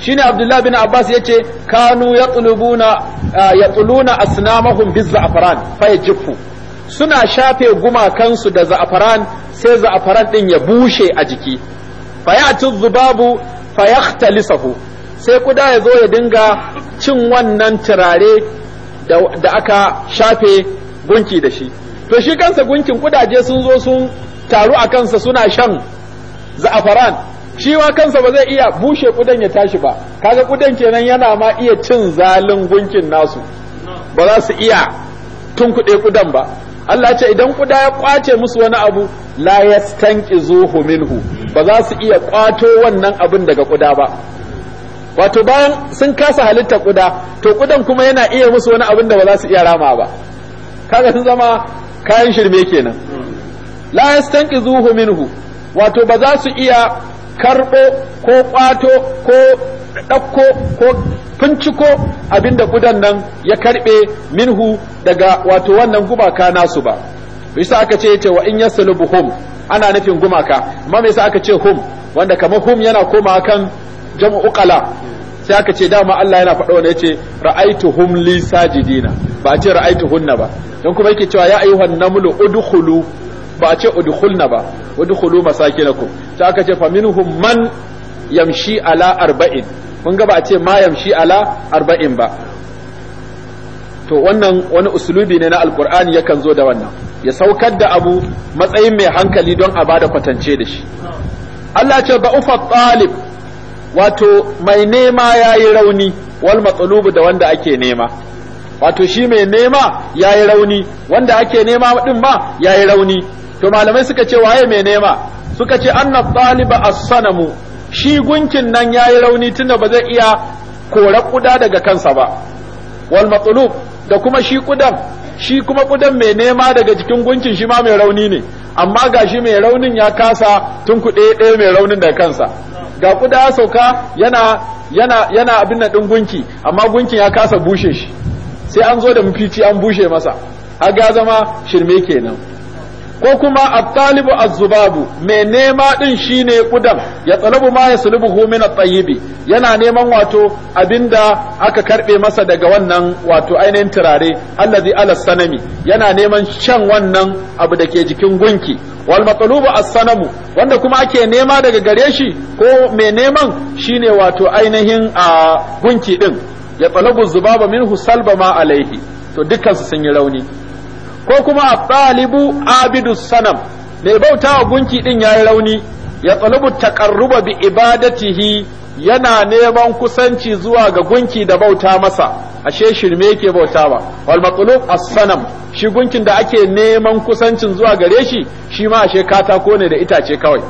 shine Abdullah bin Abbas yace kanu yatlubuna ah, yatluna asnamahum bizza'faran fayajifu suna shafe gumakansu da za'afaran sai za'afaran din ya bushe a jiki fayatu dhubabu fayahtalisahu sai kuda ya zo ya dinga cin wannan turare da aka shafe gunki da shi to shi kansa gunkin kudaje sun zo sun taru a kansa suna shan za'afaran shi ma kansa ba zai iya bushe kudan ya tashi ba kaga kudan kenan yana ma iya cin zalin gunkin nasu ba za su iya tun kude kudan ba Allah ce idan kuda ya kwace musu wani abu la yastanqizuhu minhu ba za su iya kwato wannan abin daga kuda ba wato bayan sun kasa halitta kuda to kudan kuma yana iya musu wani abin da ba za su iya rama ba kaga sun zama kayan shirme kenan la yastanqizuhu minhu wato ba za su iya karɓo ko ƙwato ko ɗakko ko finciko abin da ƙudan nan ya karɓe minhu daga wato wannan kana nasu ba bisa aka ce yace wa in yaslubu hum ana nufin gumaka amma me yasa aka ce hum wanda kamar hum yana koma kan jam'u uqala sai aka ce dama Allah yana faɗa ne yace ra'aituhum li sajidina ba a ce hunna ba don kuma yake cewa ya ayyuhan namlu udkhulu ba a ce udkhulna ba udkhulu masakinakum sai aka ce faminhum man yamshi ala arba'in mun ga ba a ce ma yamshi ala arba'in ba to wannan wani usulubi ne na alkur'ani yakan zo da wannan ya saukar da abu matsayin mai hankali don a bada kwatance da shi Allah ce ba ufa talib wato mai nema yayi rauni wal matsalubu da wanda ake nema wato shi mai nema yayi rauni wanda ake nema din ma yayi rauni to malamai suka ce waye mai nema suka ce anna taliba as-sanamu shi gunkin nan yayi rauni tunda ba zai iya kora kuda daga kansa ba wal matlub da kuma shi kudan shi kuma kudan mai nema daga cikin gunkin shi ma mai rauni ne amma ga shi mai raunin ya kasa tun kuɗe ɗaya mai raunin da kansa ga kuda ya sauka yana yana yana abin nan ɗin gunki amma gunkin ya kasa bushe shi sai an zo da mafici an bushe masa har ga zama shirme kenan ko kuma at-talibu az-zubabu mai nema din shine ƙudan, ya talabu ma ya sulubuhu min at-tayyibi yana neman wato abinda aka karbe masa daga wannan wato ainihin turare allazi ala sanami yana neman shan wannan abu da ke jikin gunki wal matlubu as-sanamu wanda kuma ake nema daga gare shi ko mai neman shine wato ainihin a gunki din ya talabu zubaba minhu salba ma alaihi to dukkan su sun yi rauni ko kuma talibu abidu sanam mai bauta bautawa gunki din yayi rauni ya talibu taqarruba bi ibadatihi yana neman kusanci zuwa ga gunki da bauta masa ashe shirme yake bautawa wal maqlub as-sanam shi gunkin da ake neman kusancin zuwa gare shi shi ma ashe katako ne da itace kawai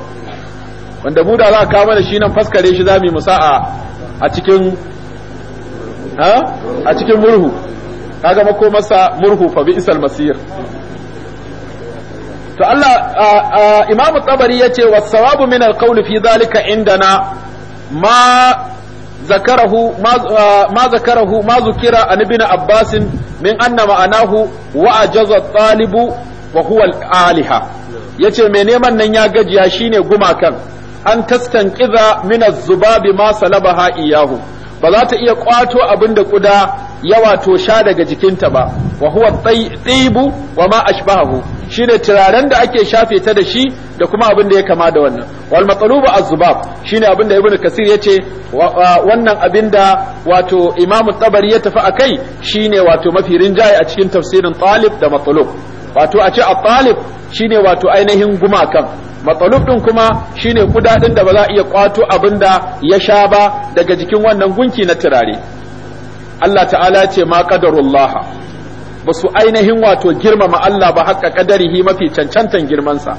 wanda mu da za ka mana shi nan faskare shi zamu yi musa'a a cikin a cikin murhu kaga mako masa murhu fa bi isal masir to Allah Imam Tabari yace was sawabu min al qawl fi zalika indana ma ذكره ما ما ذكره ما ذكر عن ابن عباس من ان معناه وعجز الطالب وهو الالهه yace mai neman nan ya gajiya shine gumakan an tastan ƙiza min zubabi ma salabaha iyahu ba za ta iya kwato abin da kuda ya wato sha daga jikinta ba wa huwa tsibu wa ma ashbahu shine turaren da ake shafe ta da shi da kuma abin da ya kama da wannan wal matsalubu azzubab shine abin da ibnu kasir yace wannan abin da wato imamu tabari ya tafi akai shine wato mafi rinjaye a cikin tafsirin talib da matsalub wato a ce at-talib shine wato ainihin gumakan matsalub din kuma shine kudaden da ba za a iya kwato da ya sha ba daga jikin wannan gunki na turare Allah ta'ala ce ma qadarullah ba su ainihin wato girmama Allah ba haƙa kadarihi mafi cancantan girmansa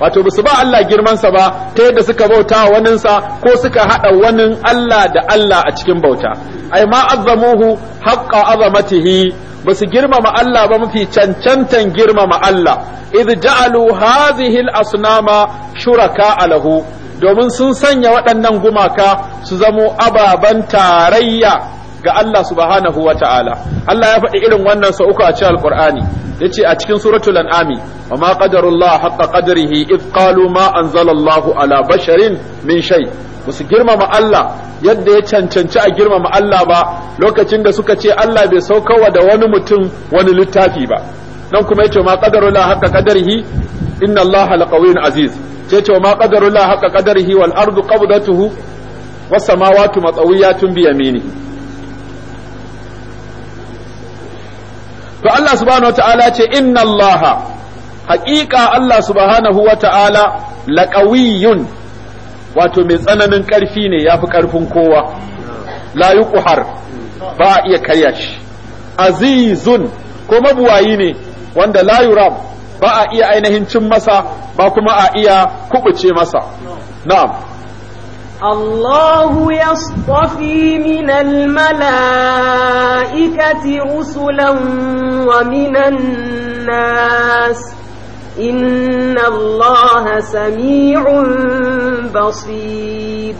wato basu ba Allah girmansa ba ta yadda suka bauta waninsa ko suka haɗa wani Allah da Allah a cikin bauta ai ma azzamuhu haqqa azamatihi basu girmama Allah ba mafi cancantan girmama Allah idh ja'alu hadhihi al-asnama shuraka alahu domin sun sanya waɗannan gumaka su zamo ababen tarayya ga Allah subhanahu wa ta'ala Allah ya faɗi irin wannan sa uku a cikin alqur'ani yace a cikin suratul an'ami wa ma qadarullah haqqa qadrihi id qalu ma anzalallahu ala basharin min shay musu girmama Allah yadda ya cancanci a girmama Allah ba lokacin da suka ce Allah bai wa da wani mutum wani littafi ba nan kuma yace ma qadarullah haqqa qadrihi inna Allah laqawiyyun aziz yace ma qadarullah haqqa qadrihi wal ardu qabdatuhu was samawati matawiyatun bi yaminihi to Allah subhanahu wata'ala ce inna Allah haƙiƙa Allah subhanahu wata'ala laqawiyyun wato mai tsananin ƙarfi ne yafi ƙarfin kowa la yuqhar ba iya karya shi azizun ko mabuwayi ne wanda la ba a iya ainihin cin masa ba kuma a iya kuɓuce masa na'am الله يصطفي من الملائكة رسلا ومن الناس إن الله سميع بصير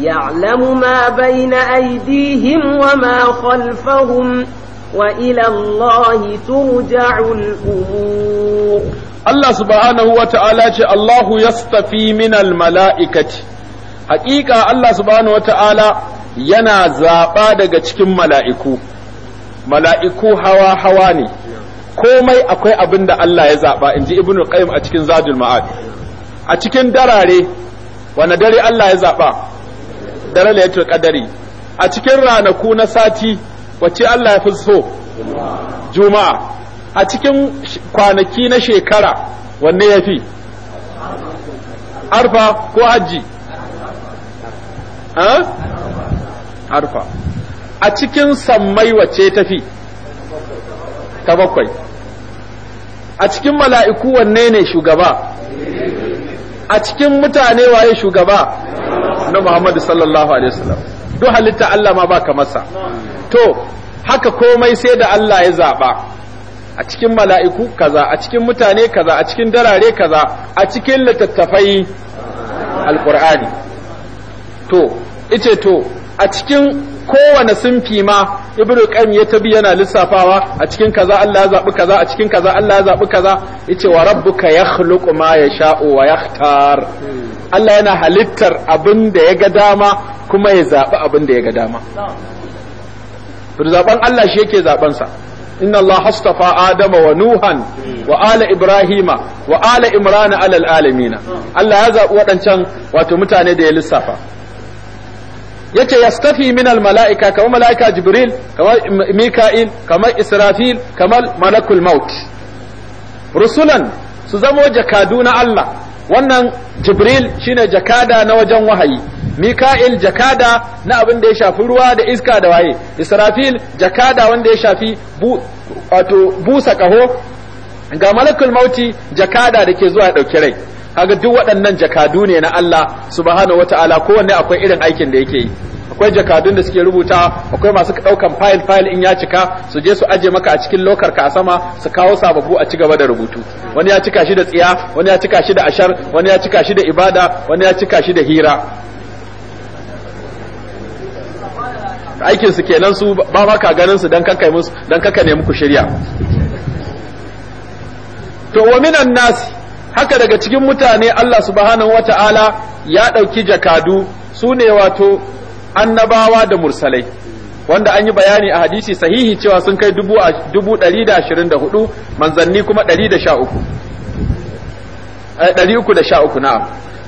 يعلم ما بين أيديهم وما خلفهم وإلى الله ترجع الأمور الله سبحانه وتعالى الله يصطفي من الملائكة haƙiƙa Allah subhanahu wata'ala yana zaɓa daga cikin mala'iku mala'iku hawa hawa ne komai akwai abin da Allah ya zaɓa in ji ibn qayyim a cikin zadul ma'ad a cikin darare wane dare Allah ya zaɓa dare laylatul qadari a cikin ranaku na sati wace Allah ya fi so juma'a a cikin kwanaki na shekara wanne ya fi arfa ko hajji arfa a cikin sammai wace tafi ta bakwai a cikin mala'iku wanne ne shugaba a cikin mutane waye shugaba na Muhammadu sallallahu alaihi wasallam duk halitta Allah ma baka masa to haka komai sai da Allah ya zaɓa. a cikin mala'iku kaza a cikin mutane kaza a cikin darare kaza a cikin littattafai alkur'ani to ice to a cikin kowane sunfi ma ibnu qayyim ya tabi yana lissafawa a cikin kaza Allah ya zabi kaza a cikin kaza Allah ya zabi kaza yace wa rabbuka yakhluqu ma yasha'u wa yakhtar Allah yana halittar abin da ya ga dama kuma ya zabi abin da ya ga dama zaben Allah shi yake zaben sa inna Allah hastafa Adama wa Nuhan wa ala Ibrahima wa ala Imran ala alamin Allah ya zabi waɗancan wato mutane da ya lissafa yace yastafi min al malaika kamar malaika jibril kamar mika'il kamar israfil kamar malakul maut rusulan su zamo jakadu na Allah wannan jibril shine jakada na wajen wahayi mika'il jakada na abin da ya shafi ruwa da iska da waye israfil jakada wanda ya shafi wato busa kaho ga malakul mauti jakada da ke zuwa ya ɗauki rai kaga duk waɗannan jakadu ne na Allah subhanahu wataala kowanne akwai irin aikin da yake yi akwai jakadun da suke rubuta akwai masu ɗaukan fayil fayil in ya cika su je su aje maka a cikin lokar ka a sama su kawo sababu a ci gaba da rubutu wani ya cika shi da tsiya wani ya cika shi da ashar wani ya cika shi da ibada wani ya cika shi da hira aikin su kenan su ba ma ka ganin su dan kanka musu dan kanka ne muku shirya to wa minan nasi haka daga cikin mutane Allah subhanahu wata'ala ya ɗauki jakadu su ne wato annabawa da mursalai wanda an yi bayani a hadisi sahihi cewa sun kai dubu ɗari da ashirin da hudu manzanni kuma ɗari da sha uku eh, ɗari uku da sha uku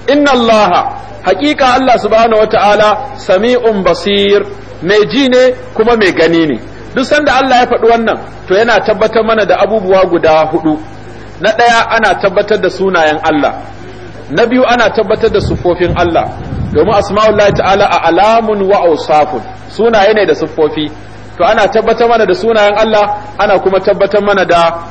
inna Allah haƙiƙa Allah subhanahu wata'ala sami'un basir mai ji ne kuma mai gani ne duk sanda Allah ya faɗi wannan to yana tabbatar mana da abubuwa guda hudu na ɗaya ana tabbatar da sunayen Allah na biyu ana tabbatar da sufofin Allah domin asma'ullahi ta'ala a alamun wa sunaye ne da sufofi to ana tabbatar mana da sunayen Allah ana kuma tabbatar mana da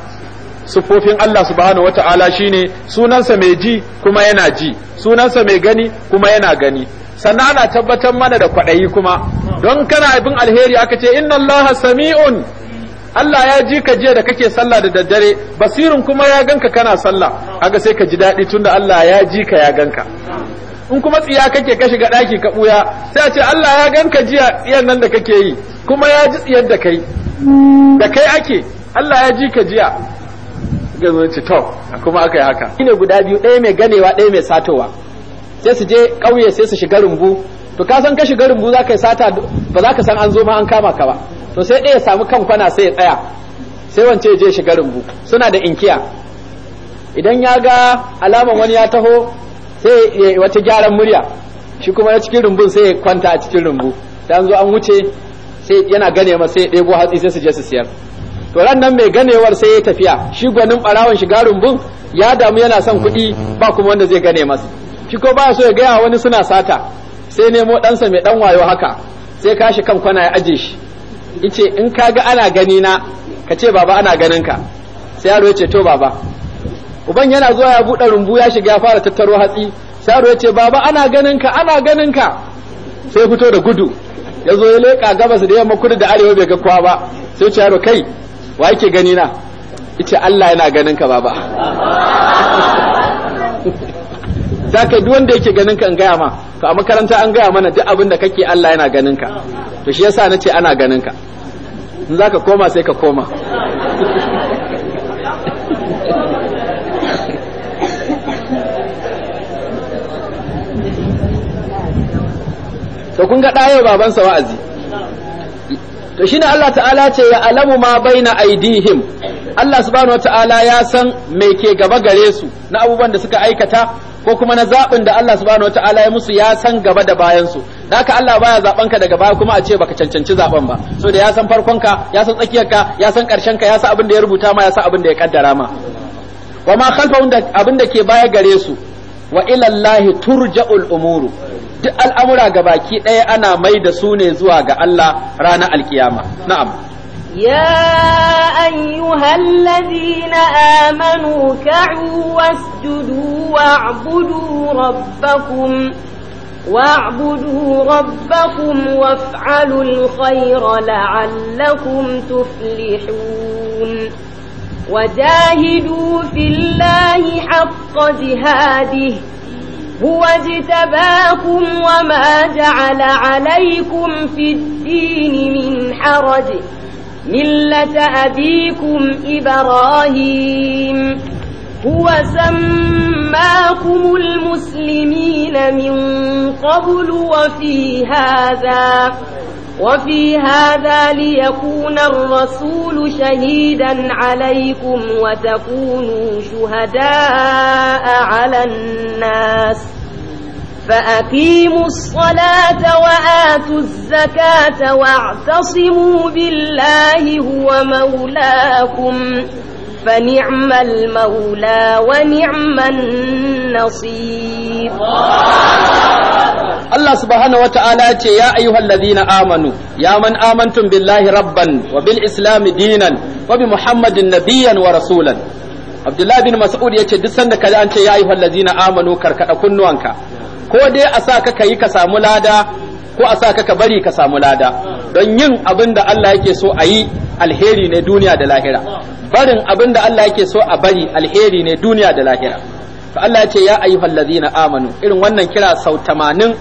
sufofin Allah subhanahu wata'ala shine sunansa mai ji kuma yana ji sunansa mai gani kuma yana gani sannan ana tabbatar mana da kwaɗayi kuma don kana abin alheri aka ce inna Allah sami'un Allah ya ji ka jiya da kake sallah da daddare basirin kuma ya ganka kana sallah kaga sai ka ji daɗi tunda Allah ya ji ka ya ganka in kuma tsiya kake ka shiga ɗaki ka ɓuya sai a ce Allah ya ganka jiya tsiyan nan da kake yi kuma ya ji tsiyar da kai da kai ake Allah ya ji ka jiya ga zuci to kuma aka yi haka shine guda biyu ɗaya mai ganewa ɗaya mai satowa sai su je ƙauye sai su shiga rumbu to ka san ka shiga rumbu za ka sata ba za ka san an zo ma an kama ka ba to sai ɗaya samu kan kwana sai ya tsaya sai wance je shiga rumbu suna da inkiya idan ya ga alaman wani ya taho sai wata gyaran murya shi kuma na cikin rumbun sai ya kwanta a cikin rumbu dan an zo an wuce sai yana gane ma sai ɗebo hatsi sai su je su siyar to ran nan mai ganewar sai ya tafiya shi gwanin barawon shiga rumbun ya damu yana son kuɗi ba kuma wanda zai gane masa shi ko ba so ya gaya wani suna sata sai nemo ɗansa mai ɗan wayo haka sai kashi kan kwana ya aje shi ice in ka ga ana gani na ka ce baba ana ganin ka sai yaro ya ce to baba uban yana zuwa ya buɗe rumbu ya shiga ya fara tattaro hatsi sai yaro ya ce baba ana ganin ka ana ganin ka sai fito da gudu ya zo ya leƙa gabas da yamma kudu da arewa bai ga kowa ba sai ce yaro kai wa yake gani na ice Allah yana ganin ka baba da ka duk wanda yake ganin ka in gaya ma to a makaranta an gaya mana duk abin da kake Allah yana ganin ka to shi yasa nace ana ganin ka in za ka koma sai ka koma to kun ga ɗaya babansa wa'azi to shi ne Allah ta'ala ce ya alamu ma baina aidihim Allah subhanahu wa ta'ala ya san me ke gaba gare su na abubuwan da suka aikata ko kuma na zaɓin da Allah subhanahu wataala ya musu ya san gaba da bayansu, su da haka Allah baya zaɓen ka daga baya kuma a ce baka cancanci zaɓen ba so da ya san farkon ka ya san tsakiyar ka ya san ƙarshen ka ya san abin da ya rubuta ma ya san abin da ya kaddara ma wa ma khalfa abin da ke baya gare su wa ila Allah turja'ul umuru duk al'amura gabaki ɗaya ana mai da su ne zuwa ga Allah rana alkiyama na'am يا أيها الذين آمنوا كعوا واسجدوا واعبدوا ربكم واعبدوا ربكم وافعلوا الخير لعلكم تفلحون وجاهدوا في الله حق جهاده هو اجتباكم وما جعل عليكم في الدين من حرج ملة أبيكم إبراهيم هو سماكم المسلمين من قبل وفي هذا وفي هذا ليكون الرسول شهيدا عليكم وتكونوا شهداء على الناس فأقيموا الصلاة وآتوا الزكاة واعتصموا بالله هو مولاكم فنعم المولى ونعم النصير Allah subhanahu wa ce, Ya ayyuhal na amanu, ya man amantun billahi rabban wa bil islami dinan wa bi Muhammadin nabiyan wa rasulan. Abdullahi bin Mas'ud ya ce, Duk sanda ka an ce, Ya ayyuhal ladina amanu karkada kunnuwanka, ko dai a sa ka yi ka samu lada, ko a sa ka bari ka samu lada, don yin abin da Allah yake so ayi alheri ne duniya da lahira. barin abin da Allah yake so a bari alheri ne duniya da lahira to Allah ya ce ya ayyuhal ladzina amanu irin wannan kira sau 80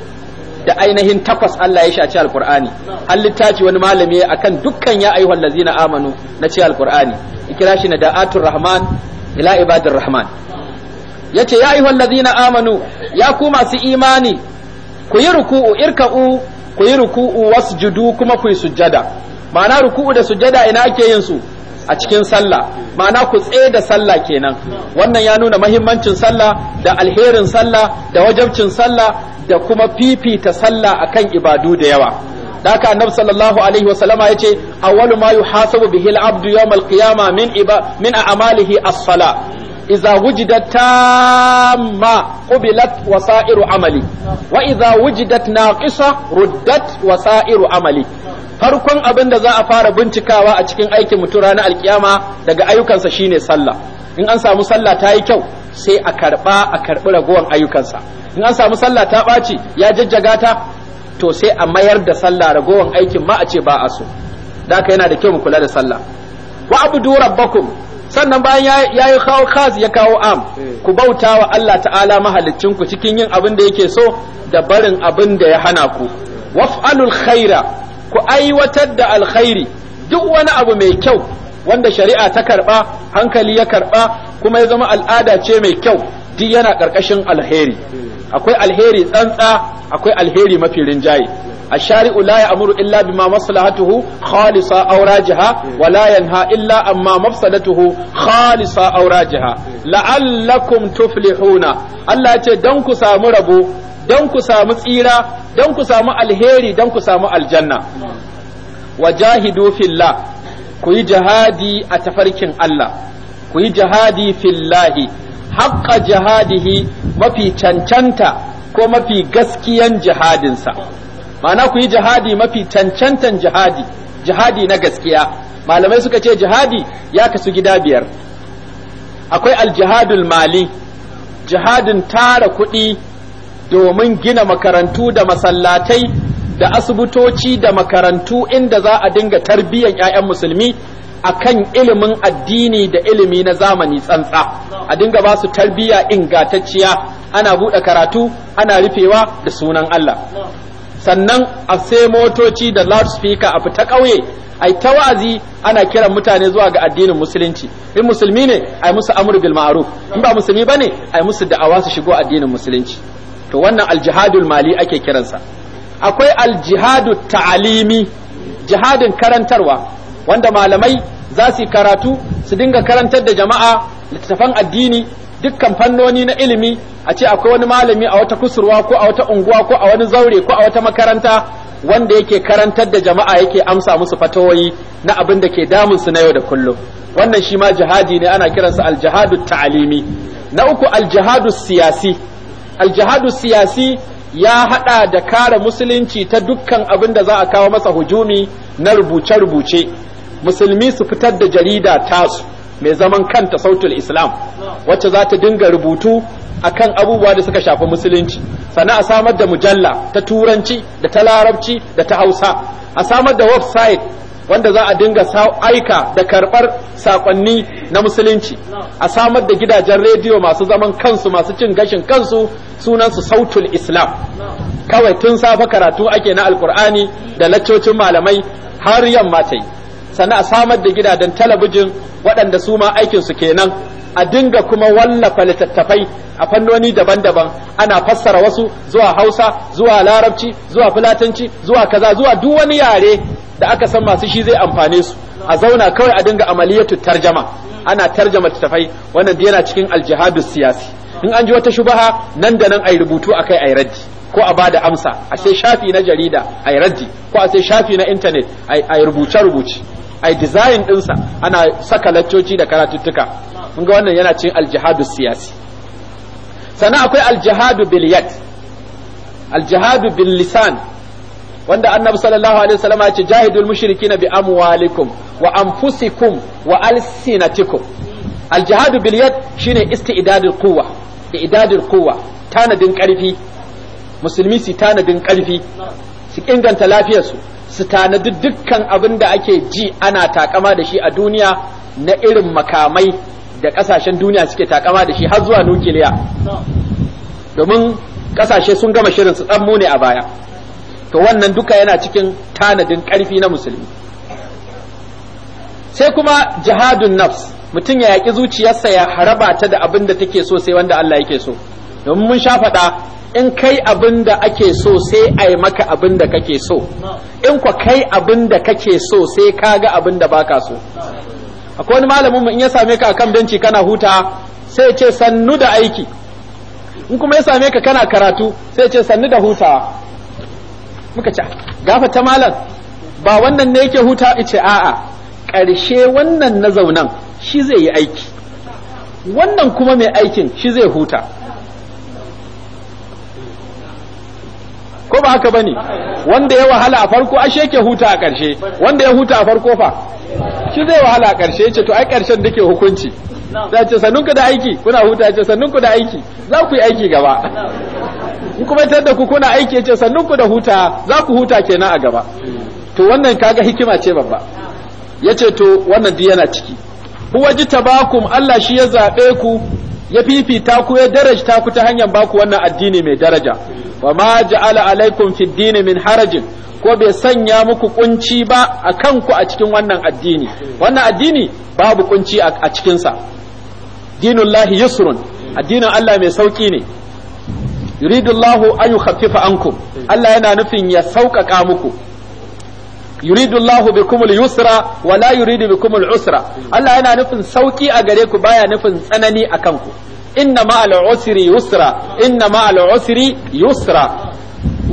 da ainihin takwas Allah ya shace alqur'ani har littafi wani malami akan dukkan ya ayyuhal ladzina amanu na ce alqur'ani kira shi na da'atul rahman ila ibadir rahman yace ya ayyuhal ladzina amanu ya ku masu imani ku yi ruku'u irka'u ku yi ruku'u wasjudu kuma ku yi sujjada ma'ana ruku'u da sujjada ina ake yin su a cikin sallah ma'ana ku tsaye da sallah kenan wannan ya nuna mahimmancin sallah da alherin sallah da wajabcin sallah da kuma fifita sallah akan ibadu da yawa daka annabi sallallahu alaihi wasallama yace awwalu ma yuhasabu bihi al-abdu yawm al-qiyamah min iba min a'malihi as-salah إذا وجدت تامة قبلت wasairu amali wa وجدت ناقصة ردت ruddat wasairu amali farkon abin da za a fara bincikawa a cikin aikin mutum ranar alkiyama daga ayyukansa shine sallah in an samu sallah ta yi kyau sai a karba a karbi ragowar ayyukansa in an samu sallah ta ɓaci ya jajjaga ta to sai a mayar da sallah ragowar aikin ma a ce ba a so da yana da kyau mu kula da sallah wa abudu rabbakum sannan bayan ya yi kawo ya kawo am eh. ku bauta wa Allah ta'ala mahalicin ku cikin yin abin da yake so da barin abin da ya hana ku waf'alul khaira ku aiwatar da alkhairi duk wani abu mai kyau wanda shari'a ta karba hankali ya karba kuma ya zama al'ada ce mai kyau duk yana ƙarƙashin alheri akwai alheri tsantsa akwai alheri mafi rinjaye a shari'u la amuru illa bima maslahatuhu khalisa awrajaha wa la yanha illa amma mafsadatuhu khalisa awrajaha la'allakum tuflihuna Allah ce dan ku samu rabo dan ku samu tsira dan ku samu alheri dan ku samu aljanna wajahidu fillah ku yi jihadi a tafarkin Allah kuyi jihadi fillahi haqqa jihadihi mafi cancanta ko mafi gaskiyan jihadinsa ma'ana ku yi jihadi mafi cancantan jihadi jihadi na gaskiya malamai suka ce jihadi ya kasu gida biyar akwai aljihadul mali jihadin tara kuɗi domin gina makarantu da masallatai da asibitoci da makarantu inda za a dinga tarbiyyan 'ya'yan musulmi akan ilimin addini da ilimi na zamani tsantsa a dinga ba su tarbiyya ingantacciya ana buɗe karatu ana rufewa da sunan Allah sannan a sai motoci da loudspeaker a fita ƙauye ai ta wa'azi ana kiran mutane zuwa ga addinin musulunci in musulmi ne ai musu amru bil ma'ruf in ba musulmi bane ai musu da'awa su shigo addinin musulunci to wannan aljihadul mali ake kiransa akwai aljihadu ta'alimi jihadin karantarwa wanda malamai za su yi karatu su dinga karantar da jama'a littattafan addini dukkan fannoni na ilimi a ce akwai wani malami a wata kusurwa ko a wata unguwa ko a wani zaure ko a wata makaranta wanda yake karantar da jama'a yake amsa musu fatawoyi na abin da ke damun su na yau da kullum wannan shi ma jihadi ne ana kiransa aljihadu ta'alimi na uku aljihadu siyasi aljihadu siyasi ya hada da kare musulunci ta dukkan abin da za a kawo masa hujumi na rubuce-rubuce musulmi su fitar da jarida tasu mai zaman kanta sautul islam wacce za ta dinga rubutu a kan abubuwa da suka shafi musulunci sannan a samar da mujalla ta turanci da ta larabci da ta hausa a samar da website wanda za a dinga aika da karɓar sakonni na musulunci a samar da gidajen rediyo masu zaman kansu masu cin gashin kansu sunansu sautul islam kawai tun safe karatu ake na alkur'ani da laccocin malamai har yamma ta yi sannan a samar da gidajen talabijin waɗanda su ma aikinsu kenan a dinga kuma wallafa littattafai a fannoni daban-daban ana fassara wasu zuwa hausa zuwa larabci zuwa fulatanci zuwa kaza zuwa duk wani yare da aka san masu shi zai amfane su a zauna kawai a dinga amaliyatu tarjama ana tarjama littattafai wannan yana cikin aljihadu siyasi in an ji wata shubaha nan da nan ai rubutu akai ai raddi ko a bada amsa a sai shafi na jarida ai raddi ko a sai shafi na intanet ai rubuce rubuce a design ɗinsa ana saka laccoci da karatuttuka mun ga wannan yana cin aljihadu siyasi sannan akwai aljihadu bil yad aljihadu bil lisan wanda annabi sallallahu alaihi wasallam ya ce jahidul mushrikina bi amwalikum wa anfusikum wa alsinatikum aljihadu bil yad shine istidadul quwwa idadul quwwa tanadin karfi musulmi su tanadin karfi su inganta lafiyarsu su tanadi dukkan abin da ake ji ana takama da shi a duniya na irin makamai da kasashen duniya suke takama da shi har zuwa nukiliya domin kasashe sun gama shirin su tsammu ne a baya to wannan duka yana cikin tanadin karfi na musulmi sai kuma jihadun nafs mutum ya yaƙi zuciyarsa ya haraba ta da abin da take so sai wanda Allah yake so don mun sha faɗa in kai abin da ake so sai a yi maka abin da kake so in kwa kai abin da kake so sai ka ga abin da baka so akwai wani malamin mu in ya same ka akan benci kana huta sai ce sannu da aiki in kuma ya same ka kana karatu sai ce sannu da hutawa muka ce gafa ta malam ba wannan ne yake huta ice a'a ƙarshe wannan na zaunan shi zai yi aiki wannan kuma mai aikin shi zai huta ko ba haka bane wanda ya wahala a farko ashe yake huta a ƙarshe wanda ya huta a farko fa shi zai wahala a ƙarshe yace to ai ƙarshen dake hukunci za ce sannunku da aiki kuna huta ce sannunku da aiki za ku yi aiki gaba in kuma tar da ku kuna aiki ce sannunku da huta za ku huta kenan a gaba to wannan kaga hikima ce babba yace to wannan duk yana ciki huwa jitabakum Allah shi ya zabe ku ya fifita ku ya darajta ku ta hanyar baku wannan addini mai daraja wa ma ja'ala alaikum fi dini min harajin ko bai sanya muku kunci ba a kanku a cikin wannan addini wannan addini babu kunci a cikinsa dinullahi yusrun addinin Allah mai sauki ne yuridullahu an yukhaffifa ankum Allah yana nufin ya sauƙaƙa muku yuridu Allahu bikum al-yusra wa la yuridu bikum al-usra Allah yana nufin sauki a gare ku baya nufin tsanani akan ku inna al usri yusra inna al usri yusra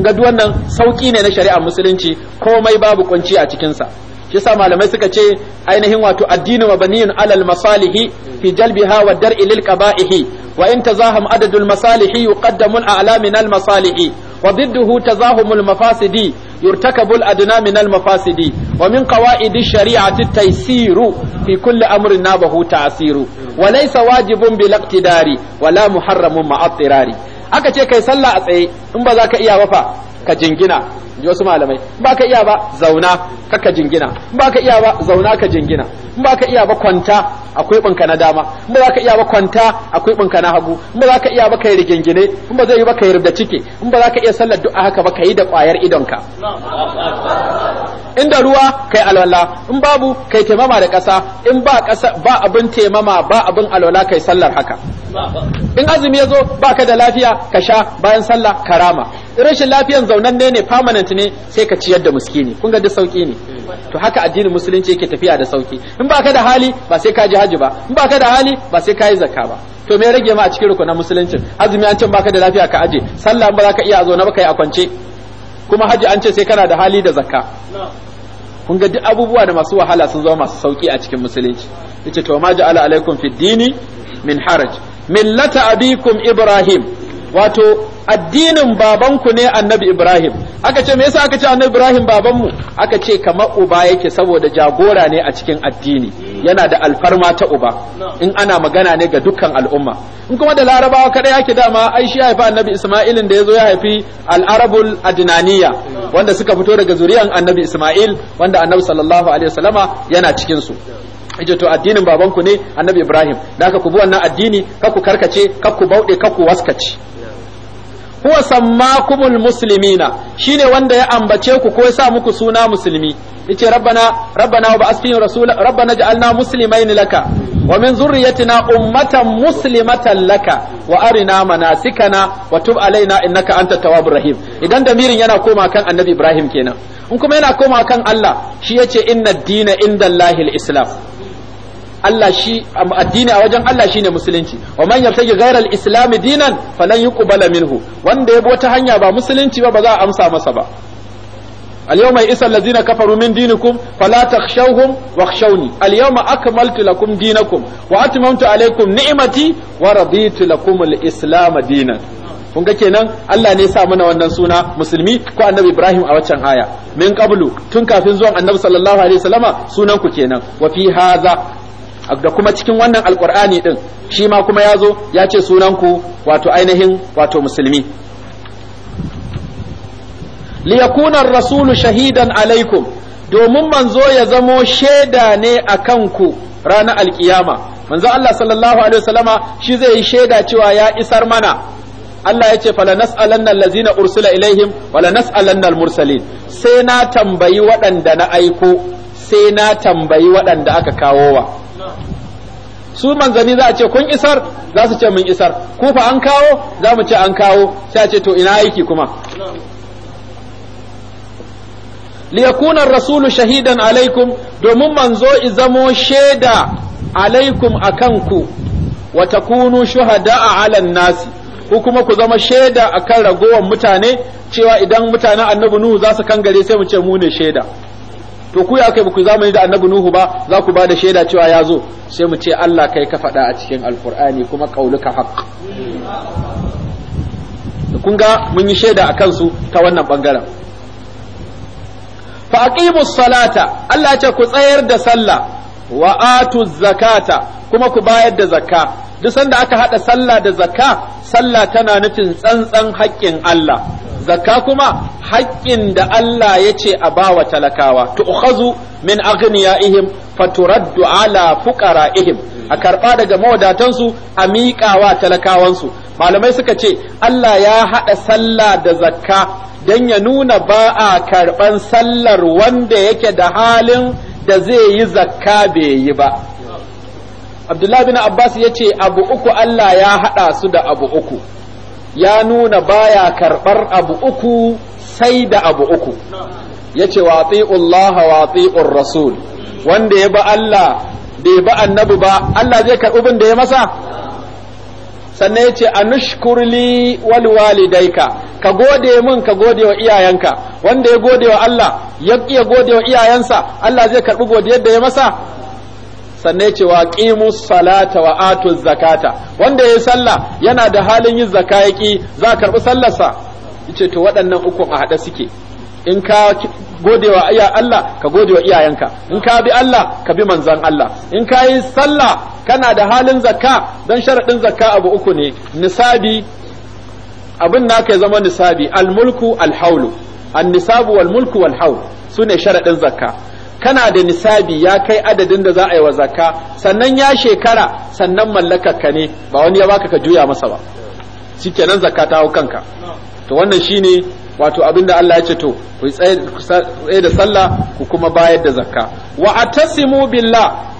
ga wannan sauki ne na shari'ar musulunci komai babu kunci a cikin sa shi yasa malamai suka ce ainihin wato addinu mabaniyun alal masalihi fi jalbiha wa dar'i lil qaba'ihi wa in tazaham adadul masalihi yuqaddamu al a'la min al masalihi wa bidduhu tazahumul mafasidi yurtakabul adna min al mafasidi wa min qawaidi shari'ati taysiru fi bahu amrin nabahu ta'siru wajibin laysa wajibun bil iqtidari wa la muharramun ma'a aka ce kai sallah a tsaye in ba za ka iya ba fa ka jingina ji wasu malamai ba ka iya ba zauna ka ka jingina ba ka iya ba zauna ka jingina ba ka iya ba kwanta akwai bunka na dama ba ka iya ba kwanta akwai bunka na hagu ba ka iya ba kai rigingine ba zai yi ba kai rubda ciki ba za ka iya sallar du'a haka ba kai da kwayar idonka inda ruwa kai alwala in babu kai taimama da ƙasa in ba ƙasa ba abin taimama ba abin alwala kai sallar haka in azumi ya zo ba ka da lafiya ka sha bayan sallah karama rashin lafiyan zaunanne ne permanent ne sai ka ciyar da muskini kun ga duk sauki ne to haka addinin musulunci yake tafiya da sauki in ba ka da hali ba sai ka ji haji ba in ba ka da hali ba sai ka yi zakka ba to me rage ma a cikin rukunan musulunci azumi an ce ba ka da lafiya ka aje sallah ba za ka iya zo na ba kai yi a kwance kuma haji an ce sai kana da hali da zakka kun ga duk abubuwa da masu wahala sun zama masu sauki a cikin musulunci yace to ma ja'ala alaikum fid dini min haraj millata abikum ibrahim wato addinin babanku ne annabi ibrahim aka ce me yasa aka ce annabi ibrahim babanmu aka ce kamar uba yake saboda jagora ne a cikin addini yana da alfarma ta uba in ana magana ne ga dukkan al'umma in kuma da larabawa kadai ake dama ai shi haifa annabi Isma'il da yazo ya haifi al'arabul adnaniya wanda suka fito daga zuriyan annabi isma'il wanda annabi sallallahu alaihi wasallama yana cikin su yace to addinin babanku ne annabi ibrahim da aka ku bi wannan addini ka ku karkace ka ku bauɗe ka ku waskace huwa sammakumul muslimina shine wanda ya ambace ku ko ya sa muku suna musulmi yace rabbana rabbana wa ba'athina rasula rabbana ja'alna muslimain laka wa min zurriyyatina ummatan muslimatan laka wa arina manasikana wa tub alaina innaka antat tawwabur rahim idan damirin yana koma kan annabi ibrahim kenan in kuma yana koma kan Allah shi yace inna dina indallahi al-islam Allah shi addini a wajen Allah shine musulunci wa man yabtaji ghayra al-islam dinan falan yuqbala minhu wanda yabo ta hanya ba musulunci ba ba za a amsa masa ba اليوم يئس الذين كفروا من دينكم فلا تخشوهم واخشوني اليوم أكملت لكم دينكم وأتممت عليكم نعمتي ورضيت لكم الإسلام دينا kun ga kenan Allah ne ya sa mana wannan suna musulmi ko annabi Ibrahim a waccan aya min qablu tun kafin zuwan annabi sallallahu alaihi wasallama sunan ku kenan wa fi hadha da kuma cikin wannan alkur'ani din shi ma kuma ya zo ya ce sunanku wato ainihin wato musulmi liyakuna rasulu shahidan alaikum domin manzo ya zamo shaida ne a kanku ranar alkiyama manzo Allah sallallahu alaihi wasallama shi zai yi shaida cewa ya isar mana Allah ya ce fala nas'alanna allazina ursila ilaihim wala nas'alanna mursalin. sai na tambayi waɗanda na aiko sai na tambayi waɗanda aka kawowa. wa su manzanni za a ce kun isar za su ce mun isar ku fa an kawo za mu ce an kawo sai a ce to ina aiki kuma liyakunan rasulu shahidan alaikum domin manzo izamo shaida alaikum a kanku Wata kunu shuhada a alan nasi Ku kuma ku zama shaida akan ragowar mutane cewa idan mutanen annabi nuhu za su kangare sai mu ce mu ne shaida to ku ya kai ku zamani da annabi nuhu ba za ku ba da shaida cewa ya zo sai mu ce Allah kai ka faɗa a cikin alkur'ani kuma haƙ da kun ga mun yi shaida a kansu ta wannan ɓangaren. fa aqimus salata Allah ya ce ku tsayar da sallah wa atu zakata kuma ku bayar da zakka duk sanda aka hada sallah da zakka sallah tana nufin tsantsan haƙƙin Allah zakka kuma haƙƙin da Allah ya ce a bawa talakawa tu'khazu min aghniyaihim faturaddu ala fuqaraihim a karba daga mawadatansu a miƙawa talakawansu malamai suka ce Allah ya hada sallah da zakka dan ya nuna ba a karban sallar wanda yake da halin da zai yi zakka bai yi ba abdullahi bin abbas ya ce abu uku allah ya haɗa su da abu uku ya nuna baya karɓar abu uku sai da abu uku ya ce Allah wa rasul wanda ya ba Allah bai ba annabi ba Allah zai karɓi bin da ya masa sannan yace anushkurli wal walidaika ka gode min ka gode wa iyayenka wanda ya gode wa Allah ya iya gode wa iyayensa Allah zai karbi godiyar da ya masa sannan yace wa qimu salata wa atu zakata wanda yayi sallah yana da halin yin zakayaki yaki za ka karbi sallarsa yace to waɗannan ukun a hada suke in ka godewa iya Allah ka godewa iyayenka in ka bi Allah ka bi manzon Allah in ka yi sallah kana da halin zakka dan sharadin zakka abu uku ne nisabi abin naka ya zama nisabi almulku alhaulu annisabu walmulku walhaul sune sharadin zakka kana da nisabi ya kai adadin da za a yi wa zakka sannan ya shekara sannan ka ne ba wani ya baka ka juya masa ba shikenan zakka ta hau kanka to wannan shine wato abinda Allah ya ce to ku tsaye da sallah ku kuma bayar da zakka wa atasimu billah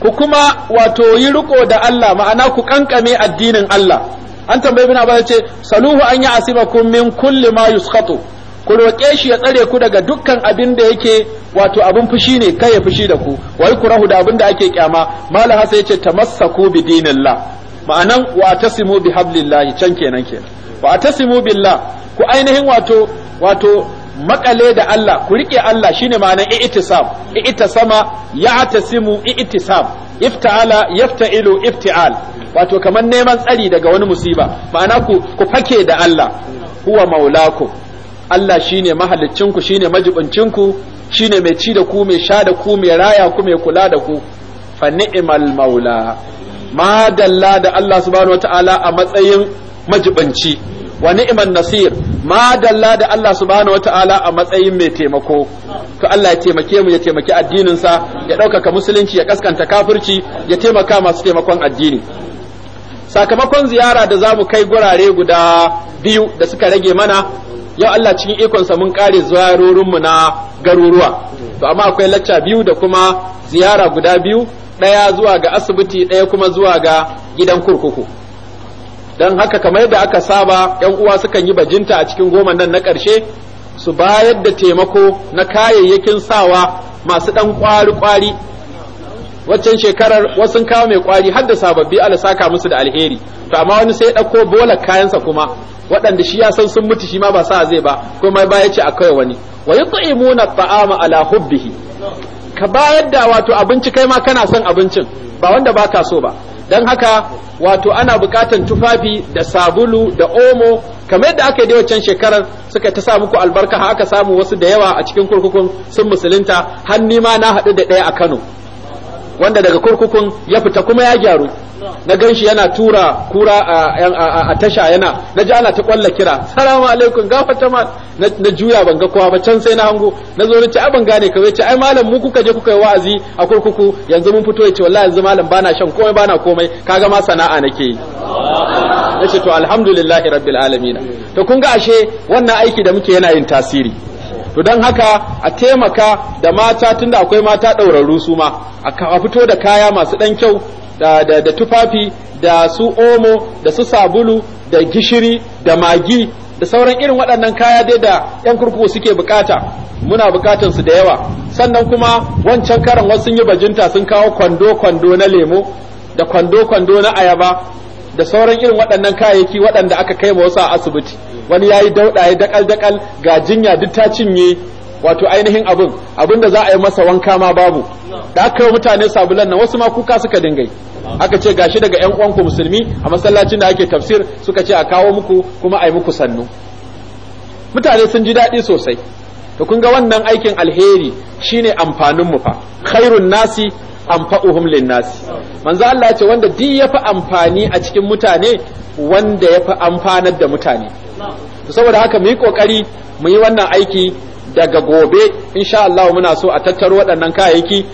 ku kuma wato yi riko da Allah ma'ana ku kankame addinin Allah an tambayi bina Abbas ce saluhu an ya asibakum min kulli ma yuskhatu ku roƙe shi ya tsare ku daga dukkan abin da yake wato abin fushi ne kai ya fushi da ku wai ku rahu da abin da ake kyama malaha sai yace tamassaku bi ma'anan wa tasimu bi hablillahi can kenan kenan wa billah ku ainihin wato wato makale da Allah ku rike Allah shine ma'anan i'tisam i'tisama ya'tasimu i'tisam ifta'ala yafta'ilu ifti'al wato kamar neman tsari daga wani musiba ma'ana ku ku fake da Allah huwa maulaku Allah shine mahalicinku shine majibincinku shine mai ci da ku mai sha da ku mai raya ku mai kula da ku fa ni'mal maula madalla da Allah subhanahu ta'ala a matsayin majibanci wa ni'man nasir madalla da Allah subhanahu ta'ala a matsayin mai taimako to Allah ya taimake mu ya taimaki addinin sa ya ɗaukaka musulunci ya kaskanta kafirci ya taimaka masu taimakon addini sakamakon ziyara da zamu kai gurare guda biyu da suka rage mana yau Allah cikin ikonsa mun kare mu na garuruwa to amma akwai lacca biyu da kuma ziyara guda biyu ɗaya zuwa ga asibiti ɗaya kuma zuwa ga gidan kurkuku don haka kamar da aka saba yan uwa sukan yi bajinta a cikin goma nan na ƙarshe su bayar da taimako na kayayyakin sawa masu ɗan kwari-kwari waccan shekarar wasu kawo mai kwari har da sababbi ala saka musu da alheri to amma wani sai ɗauko bolar kayansa kuma waɗanda shi ya san sun mutu shi ma ba sa zai ba kuma ba ya ce a kai wani wa na ta'ama ala hubbihi ka bayar da wato abinci kai ma kana son abincin ba wanda ba ka so ba don haka wato ana bukatan tufafi da sabulu da omo kamar yadda aka yi wancan shekarar suka ta sa muku albarka haka samu wasu da yawa a cikin kurkukun sun musulunta har nima na haɗu da ɗaya a Kano wanda daga kurkukun ya fita kuma ya gyaru na ganshi yana tura kura a tasha yana na ji ana ta kwalla kira salamu alaikum gafa ta ma na juya ban ga kowa ba can sai na hango na zo na ce ban gane kawai ce ai malam mu kuka je kuka yi wa'azi a kurkuku yanzu mun fito ya ce wallahi yanzu malam bana shan komai bana komai kaga ma sana'a nake yi ce to alhamdulillahi rabbil alamin to kun ga ashe wannan aiki da muke yana yin tasiri to don haka a taimaka da mata tunda akwai mata ɗaurarru su ma a fito da kaya masu ɗan kyau da tufafi da su omo da su sabulu da gishiri da magi da sauran irin waɗannan kaya dai da 'yan kurkuku suke bukata muna bukatan su da yawa sannan kuma wancan karan wasu yi bajinta sun kawo kwando-kwando na lemo da kwando-kwando na ayaba da sauran irin waɗannan kayayyaki waɗanda aka kai ma wasu a asibiti wani yayi dauɗa ya dakal dakal ga jinya duk ta cinye wato ainihin abin abin da za a yi masa wanka ma babu da aka yi mutane sabulan nan wasu ma kuka suka dingai aka ce gashi daga yan uwanku musulmi a masallacin da ake tafsir suka ce a kawo muku kuma a yi muku sannu mutane sun ji daɗi sosai to kun ga wannan aikin alheri shine amfanin mu fa khairun nasi anfa'uhum linnas manzo Allah ce wanda duk yafi amfani a cikin mutane wanda ya yafi amfanar da mutane to saboda haka mu yi kokari mu yi wannan aiki daga gobe insha Allah muna so a tattaro waɗannan kayayyaki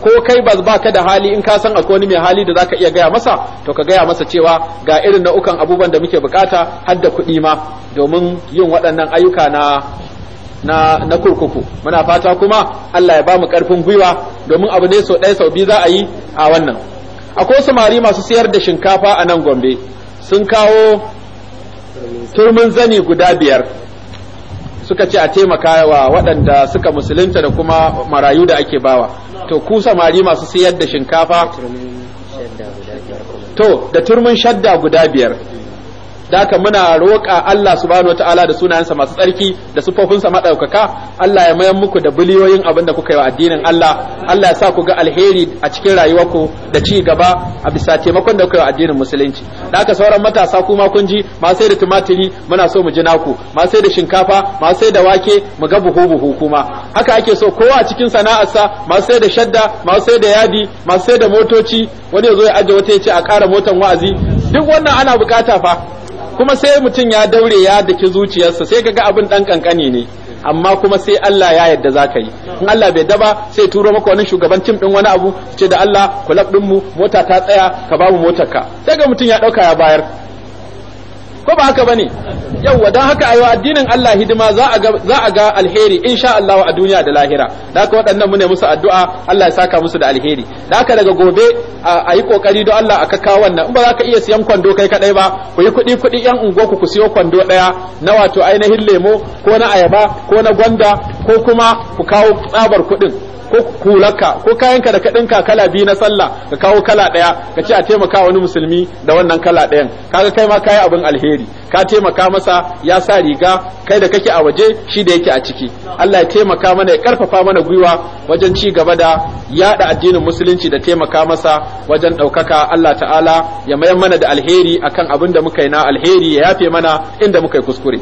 ko kai ba baka da hali in ka san akwai wani mai hali da zaka iya gaya masa to ka gaya masa cewa ga irin nau'ukan abubuwan da muke bukata har da kuɗi ma domin yin waɗannan ayyuka na na kurkuku muna fata kuma Allah ya ba mu karfin gwiwa domin abu ne sau ɗaya sau biyu za a yi a wannan akwai samari masu siyar da shinkafa a nan Gombe sun kawo turmin zani guda biyar suka ce a taimaka wa waɗanda suka musulunta da kuma marayu da ake bawa to ku samari masu siyar da shinkafa to da turmin shadda guda biyar daka muna roƙa Allah subhanahu wataala da sunayensa masu tsarki da sufofinsa madaukaka Allah ya mayar muku da biliyoyin abin da kuka yi wa addinin Allah Allah ya sa ku ga alheri a cikin rayuwarku da ci gaba a bisa taimakon da kuka yi wa addinin musulunci daka sauran matasa kuma kun ji masu sai da tumatiri muna so mu ji naku masu sai da shinkafa masu sai da wake mu ga buhu buhu kuma haka ake so kowa a cikin sana'arsa masu sai da shadda masu sai da yadi masu sai da motoci wani ya zo ya ajiye wata ya ce a ƙara motan wa'azi duk wannan ana bukata fa kuma sai mutum ya daure ya daki zuciyarsa sai ga abin ɗan kankani ne amma kuma sai Allah ya yarda za ka yi in Allah bai daba sai turo maka wani shugaban tim din wani abu ce da Allah kulab din mu mota ta tsaya ka babu motar ka sai ga mutum ya dauka ya bayar ko ba haka bane yauwa, don haka ayo addinin Allah hidima za a ga za a ga alheri insha Allah a duniya da lahira da haka waɗannan mu ne musu addu'a Allah ya saka musu da alheri da haka daga gobe a yi kokari don Allah a kawo wannan in ba za ka iya siyan kwando kai kadai ba ku yi kuɗi kuɗi yan unguwarku ku siyo kwando ɗaya na wato ainihin lemo ko na ayaba ko na gwanda ko kuma ku kawo tsabar kuɗin ko kulaka ko kayanka da kaɗin ka kala biyu na sallah ka kawo kala ɗaya ka ci a taimaka wani musulmi da wannan kala ɗayan kaga kai ma kayi abin alheri ka taimaka masa ya sa riga kai da kake a waje shi da yake a ciki Allah ya taimaka mana ya karfafa mana gwiwa wajen ci gaba da yada addinin musulunci da taimaka masa wajen ɗaukaka Allah ta'ala ya mayar mana da alheri akan abin da muka yi na alheri ya yafe mana inda muka yi kuskure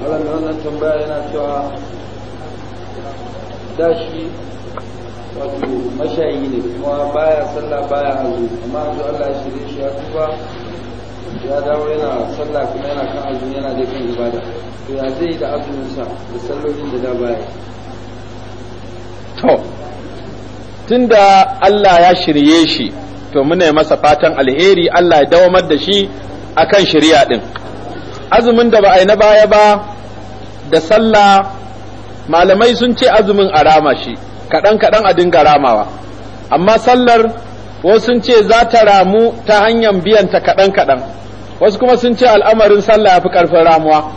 wannan wannan tambaya yana cewa dashi wato mashayi ne kuma baya sallah baya azu amma azu Allah ya shirye shi ya tuba ya dawo yana sallah kuma yana kan azu yana da kan ibada to ya zai da azuminsa da sallolin da da baya to tunda Allah ya shirye shi to muna masa fatan alheri Allah ya dawamar da shi akan shari'a din azumin da ba a yi na baya ba da sallah malamai sun ce azumin a rama shi kaɗan kaɗan a dinga ramawa amma sallar wasu sun ce za ta ramu ta hanyar biyan ta kaɗan kaɗan wasu kuma sun ce al'amarin sallah ya fi ƙarfin ramuwa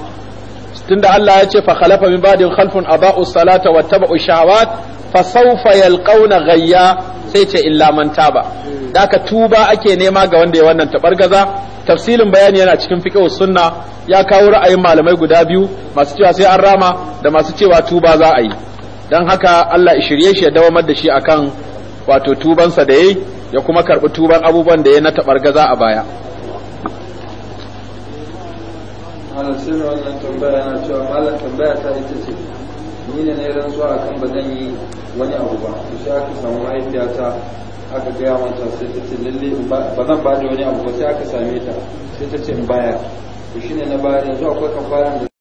tunda Allah ya ce fa khalafa min ba'din khalfun aba'u salata wa tabu shahawat fa sawfa yalqauna ghayya sai ce illa man taba daka tuba ake nema ga wanda ya wannan tabargaza tafsilin bayani yana cikin fiqhu sunna ya kawo ra'ayin malamai guda biyu masu cewa sai an rama da masu cewa tuba za a yi dan haka Allah shirye shi ya dawamar da shi akan wato tubansa da yayi ya kuma karbi tuban abubuwan da ya na tabargaza a baya malam sirri wannan tambaya na cewa malam tambaya ta ita ce ni ne na yi rantsuwa akan kan ba zan yi wani abu ba to sai aka samu mahaifiyata aka gaya mata sai ta ce lalle ba zan ba da wani abu ba sai aka same ta sai ta ce in baya to shine na baya yanzu akwai kan da